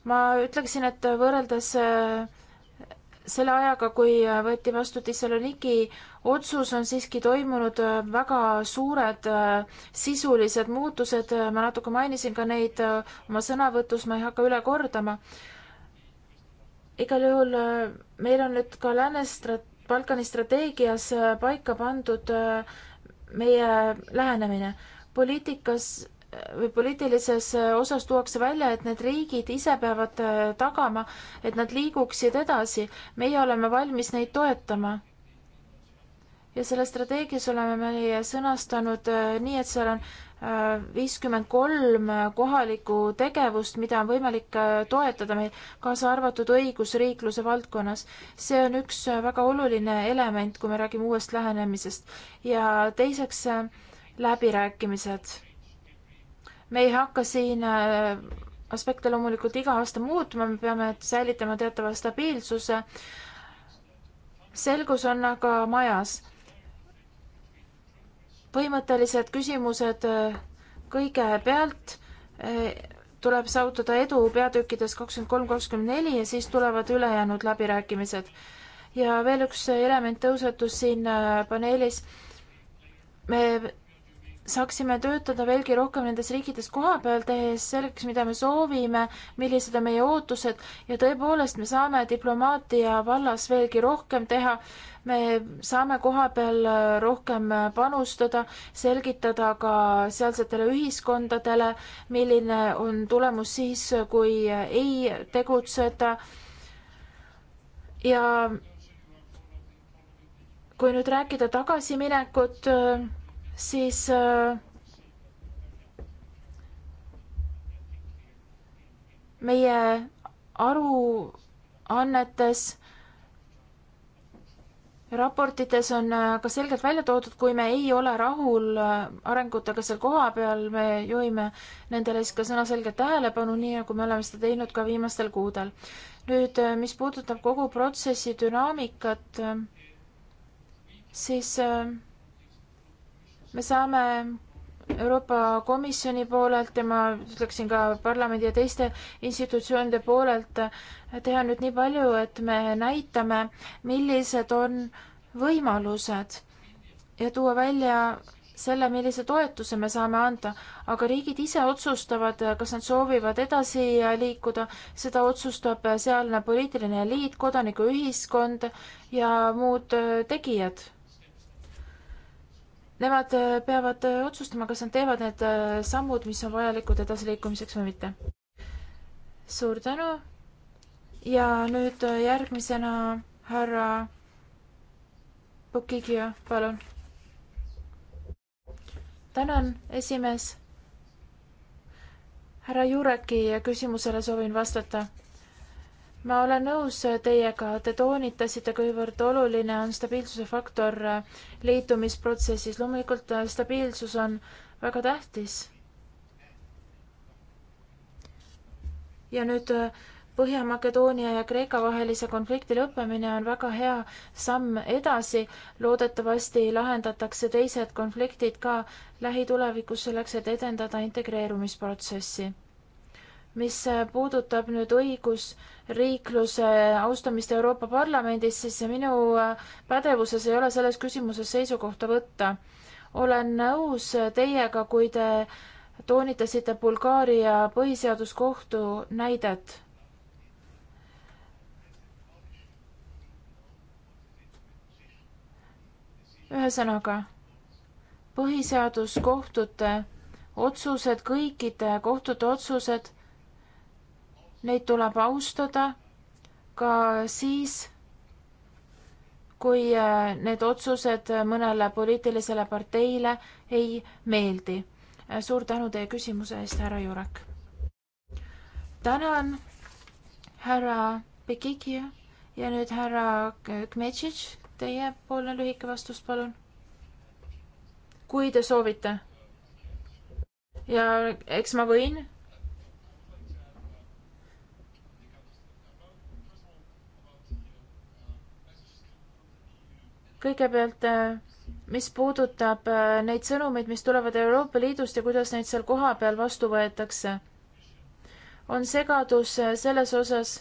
Speaker 2: ma ütleksin, et võrreldes äh, selle ajaga, kui äh, võeti vastu Thessaloniki otsus on siiski toimunud äh, väga suured äh, sisulised muutused, äh, ma natuke mainisin ka neid oma sõnavõtus, ma ei hakka üle kordama. igal juhul meil on nüüd ka lääne strat-, Balkani strateegias paika pandud meie lähenemine. poliitikas või poliitilises osas tuuakse välja, et need riigid ise peavad tagama, et nad liiguksid edasi. meie oleme valmis neid toetama ja selles strateegias oleme me sõnastanud äh, nii, et seal on äh, viiskümmend kolm äh, kohalikku tegevust, mida on võimalik toetada meil, kaasa arvatud õigusriikluse valdkonnas. see on üks väga oluline element, kui me räägime uuest lähenemisest. ja teiseks läbirääkimised. me ei hakka siin aspekte loomulikult iga aasta muutma, me peame säilitama teatava stabiilsuse. selgus on aga majas põhimõttelised küsimused äh, kõigepealt äh, tuleb saavutada edu peatükkides kakskümmend kolm, kakskümmend neli ja siis tulevad ülejäänud läbirääkimised. ja veel üks element tõusetus siin äh, paneelis. me saaksime töötada veelgi rohkem nendes riikides kohapeal, tehes selleks, mida me soovime, millised on meie ootused ja tõepoolest, me saame diplomaatia vallas veelgi rohkem teha. me saame kohapeal rohkem panustada, selgitada ka sealsetele ühiskondadele, milline on tulemus siis, kui ei tegutseda. ja kui nüüd rääkida tagasiminekut siis äh, meie aruannetes, raportites on äh, ka selgelt välja toodud, kui me ei ole rahul äh, arengutega seal kohapeal, me juhime nendele siis ka sõnaselgelt tähelepanu, nii nagu me oleme seda teinud ka viimastel kuudel. nüüd, mis puudutab kogu protsessi dünaamikat, siis äh, me saame Euroopa Komisjoni poolelt ja ma ütleksin ka parlamendi ja teiste institutsioonide poolelt teha nüüd nii palju, et me näitame, millised on võimalused ja tuua välja selle, millise toetuse me saame anda, aga riigid ise otsustavad, kas nad soovivad edasi liikuda, seda otsustab sealne poliitiline eliit, kodanikuühiskond ja muud tegijad Nemad äh, peavad äh, otsustama, kas nad teevad need äh, sammud, mis on vajalikud edasiliikumiseks või mitte. suur tänu. ja nüüd järgmisena härra Pukikio, palun. tänan, esimees härra Jureki küsimusele soovin vastata ma olen nõus teiega, te toonitasite, kuivõrd oluline on stabiilsuse faktor äh, liitumisprotsessis. loomulikult äh, stabiilsus on väga tähtis. ja nüüd äh, Põhja-Makedoonia ja Kreeka vahelise konflikti lõppemine on väga hea samm edasi. loodetavasti lahendatakse teised konfliktid ka lähitulevikus selleks, et edendada integreerumisprotsessi mis äh, puudutab nüüd õigusriikluse austamist Euroopa Parlamendis, siis minu äh, pädevuses ei ole selles küsimuses seisukohta võtta. olen nõus äh, teiega, kui te toonitasite Bulgaaria põhiseaduskohtu näidet. ühesõnaga, põhiseaduskohtute otsused, kõikide kohtute otsused Neid tuleb austada ka siis, kui äh, need otsused mõnele poliitilisele parteile ei meeldi. Äh, suur tänu teie küsimuse eest, härra Jurek. tänan, härra Pikiki ja nüüd härra Kmetšitš, teiepoolne lühike vastus, palun. kui te soovite ja eks ma võin kõigepealt, äh, mis puudutab äh, neid sõnumeid, mis tulevad Euroopa Liidust ja kuidas neid seal kohapeal vastu võetakse, on segadus äh, selles osas,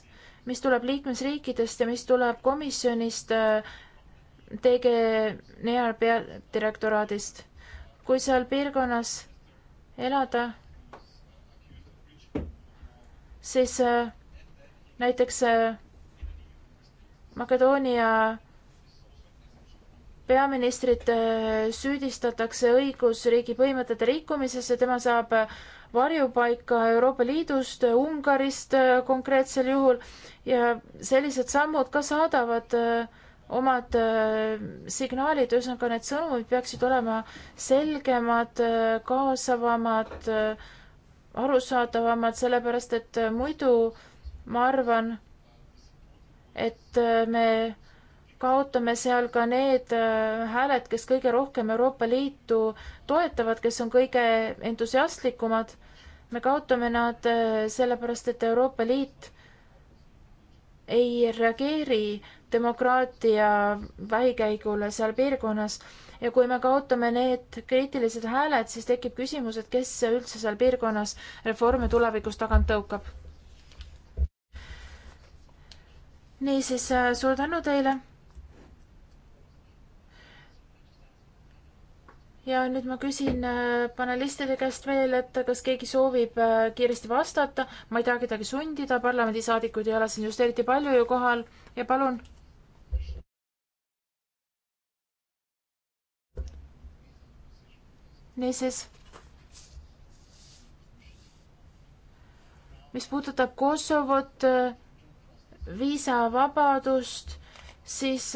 Speaker 2: mis tuleb liikmesriikidest ja mis tuleb komisjonist, TG NEAR peadirektoraadist. kui seal piirkonnas elada, siis näiteks Makedoonia peaministrit äh, süüdistatakse õigusriigi põhimõtete rikkumises ja tema saab varjupaika Euroopa Liidust, Ungarist äh, konkreetsel juhul ja sellised sammud ka saadavad äh, omad signaalid, ühesõnaga need sõnumid peaksid olema selgemad, kaasavamad, arusaadavamad, sellepärast et muidu ma arvan, et me kaotame seal ka need äh, hääled, kes kõige rohkem Euroopa Liitu toetavad, kes on kõige entusiastlikumad. me kaotame nad äh, sellepärast, et Euroopa Liit ei reageeri demokraatia vähikäigule seal piirkonnas ja kui me kaotame need kriitilised hääled, siis tekib küsimus, et kes üldse seal piirkonnas reforme tulevikus tagant tõukab. niisiis, äh, suur tänu teile ja nüüd ma küsin äh, panelistide käest veel, et kas keegi soovib äh, kiiresti vastata. ma ei taha kedagi sundida, parlamendisaadikuid ei ole siin just eriti palju ju kohal ja palun. niisiis. mis puudutab Kosovot, äh, viisavabadust, siis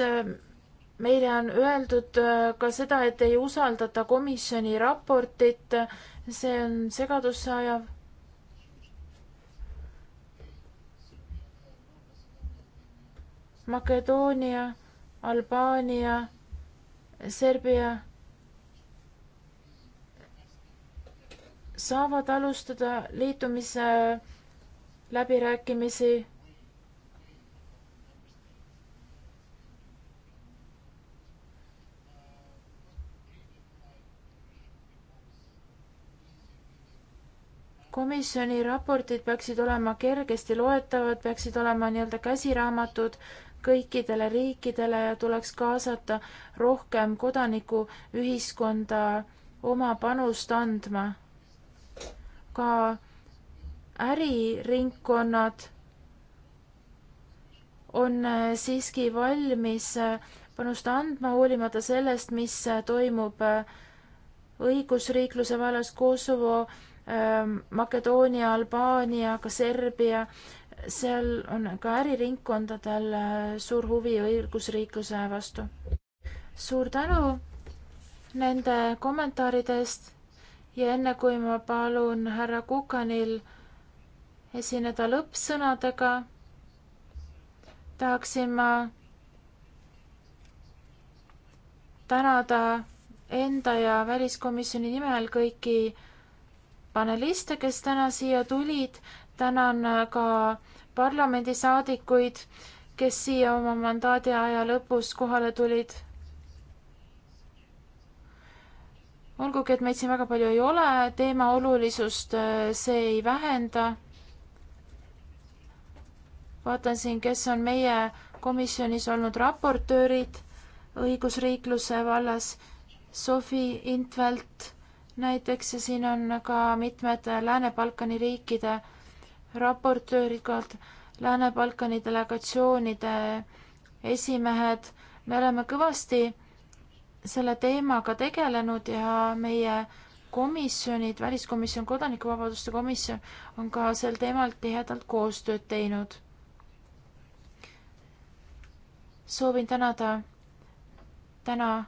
Speaker 2: meile on öeldud äh, ka seda, et ei usaldata komisjoni raportit, see on segadusse ajav. Makedoonia, Albaania, Serbia saavad alustada liitumise läbirääkimisi komisjoni raportid peaksid olema kergesti loetavad, peaksid olema nii-öelda käsiraamatud kõikidele riikidele ja tuleks kaasata rohkem kodanikuühiskonda oma panust andma. ka äriringkonnad on äh, siiski valmis äh, panust andma, hoolimata sellest, mis äh, toimub õigusriikluse vallas Kosovo Makedoonia, Albaania, ka Serbia, seal on ka äriringkondadel suur huvi õigusriikluse vastu. suur tänu nende kommentaaride eest ja enne kui ma palun härra Kukanil esineda lõppsõnadega, tahaksin ma tänada enda ja väliskomisjoni nimel kõiki paneliste, kes täna siia tulid, tänan äh, ka parlamendisaadikuid, kes siia oma mandaadi aja lõpus kohale tulid. olgugi, et meid siin väga palju ei ole, teema olulisust äh, see ei vähenda. vaatan siin, kes on meie komisjonis olnud raportöörid õigusriikluse vallas. Sofi Intvelt näiteks ja siin on ka mitmed Lääne-Balkani riikide raportöörid, Lääne-Balkani delegatsioonide esimehed. me oleme kõvasti selle teemaga tegelenud ja meie komisjonid, väliskomisjon, kodanikuvabaduste komisjon on ka sel teemal tihedalt koostööd teinud. soovin tänada täna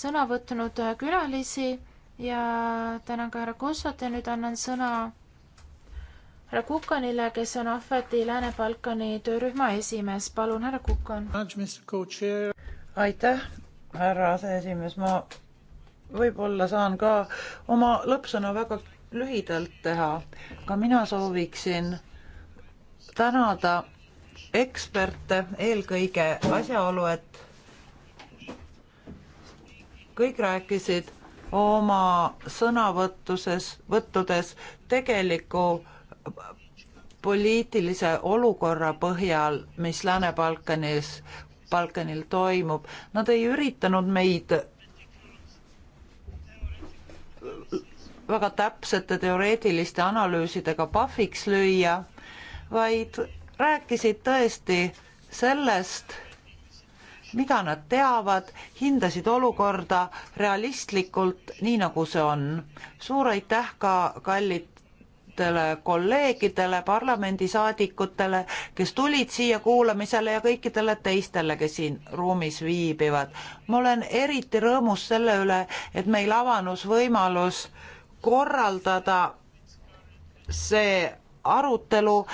Speaker 2: sõna võtnud äh, külalisi ja tänan ka härra Kossot ja nüüd annan sõna härra Kukanile, kes on Ahveti Lääne-Balkani töörühma esimees. palun, härra Kukan. aitäh, härra aseesimees, ma
Speaker 1: võib-olla saan ka oma lõppsõna väga lühidalt teha. ka mina sooviksin tänada eksperte eelkõige asjaolu, et kõik rääkisid oma sõnavõtuses, võttudes tegeliku poliitilise olukorra põhjal, mis Lääne-Balkanis, Balkanil toimub. Nad ei üritanud meid väga täpsete teoreetiliste analüüsidega pahviks lüüa, vaid rääkisid tõesti sellest, mida nad teavad, hindasid olukorda realistlikult, nii nagu see on. suur aitäh ka kallitele kolleegidele, parlamendisaadikutele, kes tulid siia kuulamisele ja kõikidele teistele, kes siin ruumis viibivad. ma olen eriti rõõmus selle üle, et meil avanus võimalus korraldada see arutelu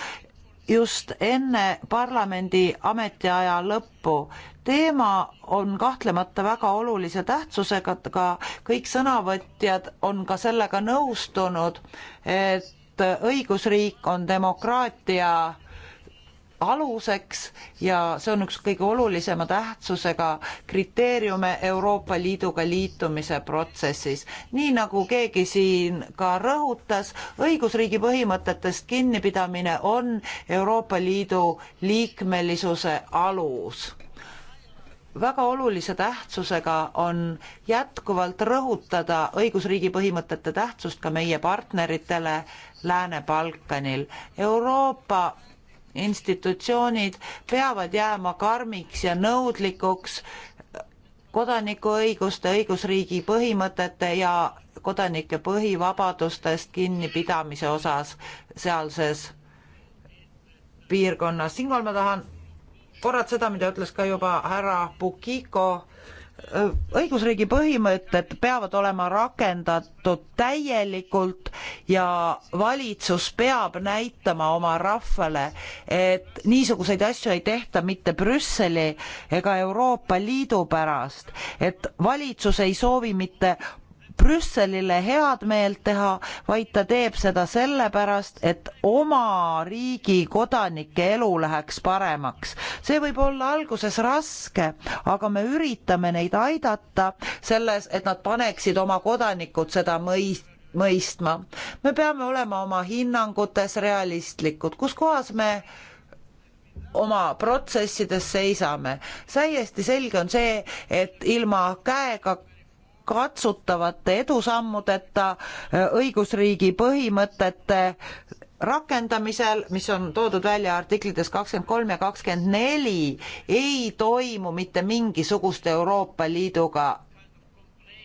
Speaker 1: just enne parlamendi ametiaja lõppu. teema on kahtlemata väga olulise tähtsusega, ka kõik sõnavõtjad on ka sellega nõustunud, et õigusriik on demokraatia aluseks ja see on üks kõige olulisema tähtsusega kriteeriume Euroopa Liiduga liitumise protsessis. nii nagu keegi siin ka rõhutas, õigusriigi põhimõtetest kinnipidamine on Euroopa Liidu liikmelisuse alus väga olulise tähtsusega on jätkuvalt rõhutada õigusriigi põhimõtete tähtsust ka meie partneritele Lääne-Balkanil. Euroopa institutsioonid peavad jääma karmiks ja nõudlikuks kodanikuõiguste, õigusriigi põhimõtete ja kodanike põhivabadustest kinnipidamise osas sealses piirkonnas. siinkohal ma tahan korrata seda, mida ütles ka juba härra Pukiko õigusriigi põhimõtted peavad olema rakendatud täielikult ja valitsus peab näitama oma rahvale, et niisuguseid asju ei tehta mitte Brüsseli ega Euroopa Liidu pärast, et valitsus ei soovi mitte Brüsselile head meelt teha, vaid ta teeb seda sellepärast, et oma riigi kodanike elu läheks paremaks. see võib olla alguses raske, aga me üritame neid aidata selles, et nad paneksid oma kodanikud seda mõist-, mõistma. me peame olema oma hinnangutes realistlikud, kus kohas me oma protsessides seisame. täiesti selge on see, et ilma käega katsutavate edusammudeta äh, õigusriigi põhimõtete rakendamisel, mis on toodud välja artiklites kakskümmend kolm ja kakskümmend neli, ei toimu mitte mingisugust Euroopa Liiduga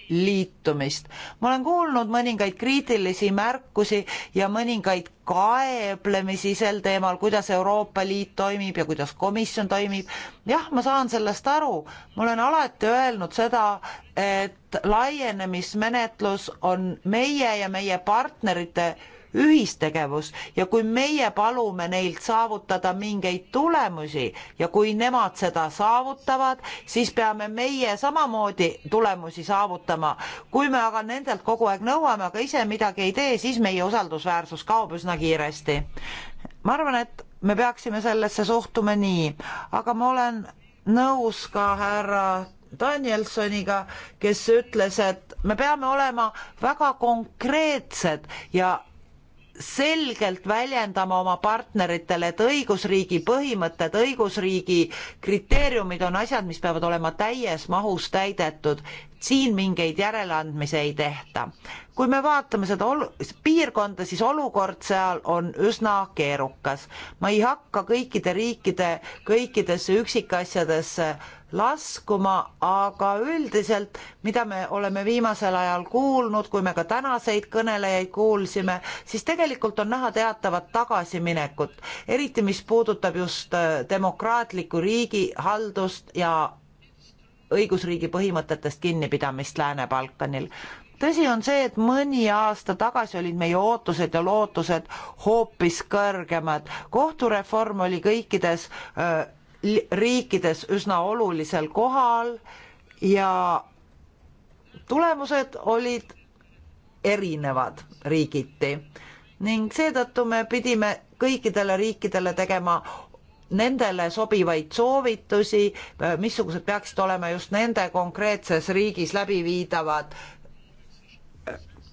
Speaker 1: liitumist. ma olen kuulnud mõningaid kriitilisi märkusi ja mõningaid kaeblemisi sel teemal, kuidas Euroopa Liit toimib ja kuidas komisjon toimib. jah, ma saan sellest aru, ma olen alati öelnud seda, et laienemismenetlus on meie ja meie partnerite ühistegevus ja kui meie palume neilt saavutada mingeid tulemusi ja kui nemad seda saavutavad, siis peame meie samamoodi tulemusi saavutama. kui me aga nendelt kogu aeg nõuame, aga ise midagi ei tee, siis meie usaldusväärsus kaob üsna kiiresti. ma arvan, et me peaksime sellesse suhtuma nii, aga ma olen nõus ka härra Danielsoniga, kes ütles, et me peame olema väga konkreetsed ja selgelt väljendama oma partneritele, et õigusriigi põhimõtted, õigusriigi kriteeriumid on asjad, mis peavad olema täies mahus täidetud. siin mingeid järeleandmisi ei tehta. kui me vaatame seda ol-, piirkonda, siis olukord seal on üsna keerukas. ma ei hakka kõikide riikide, kõikidesse üksikasjadesse äh, laskuma, aga üldiselt, mida me oleme viimasel ajal kuulnud, kui me ka tänaseid kõnelejaid kuulsime, siis tegelikult on näha teatavat tagasiminekut, eriti mis puudutab just äh, demokraatlikku riigihaldust ja õigusriigi põhimõtetest kinnipidamist Lääne-Balkanil. tõsi on see, et mõni aasta tagasi olid meie ootused ja lootused hoopis kõrgemad, kohtureform oli kõikides öö, äh, riikides üsna olulisel kohal ja tulemused olid erinevad riigiti ning seetõttu me pidime kõikidele riikidele tegema nendele sobivaid soovitusi, missugused peaksid olema just nende konkreetses riigis läbiviidavad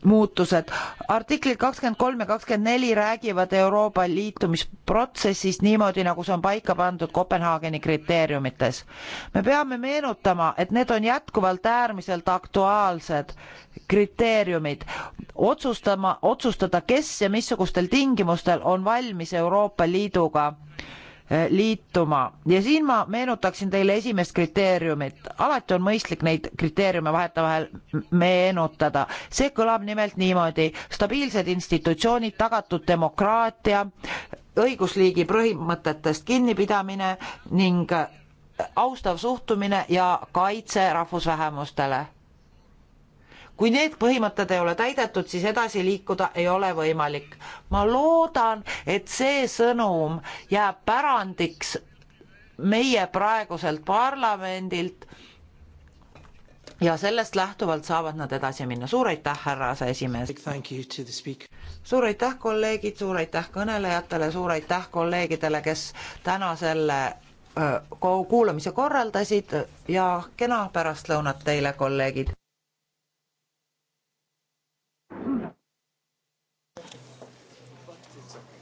Speaker 1: muutused. artiklid kakskümmend kolm ja kakskümmend neli räägivad Euroopa liitumisprotsessist niimoodi, nagu see on paika pandud Kopenhaageni kriteeriumites. me peame meenutama, et need on jätkuvalt äärmiselt aktuaalsed kriteeriumid. otsustama, otsustada, kes ja missugustel tingimustel on valmis Euroopa Liiduga Eh, liituma. ja siin ma meenutaksin teile esimest kriteeriumit. alati on mõistlik neid kriteeriume vahetevahel meenutada. see kõlab nimelt niimoodi. stabiilsed institutsioonid, tagatud demokraatia, õigusriigi põhimõtetest kinnipidamine ning austav suhtumine ja kaitse rahvusvähemustele kui need põhimõtted ei ole täidetud, siis edasi liikuda ei ole võimalik. ma loodan, et see sõnum jääb pärandiks meie praeguselt parlamendilt ja sellest lähtuvalt saavad nad edasi minna. suur aitäh, härra aseesimees! suur aitäh, kolleegid, suur aitäh kõnelejatele, suur aitäh kolleegidele, kes täna selle kuulamise korraldasid ja kena pärastlõunat teile, kolleegid!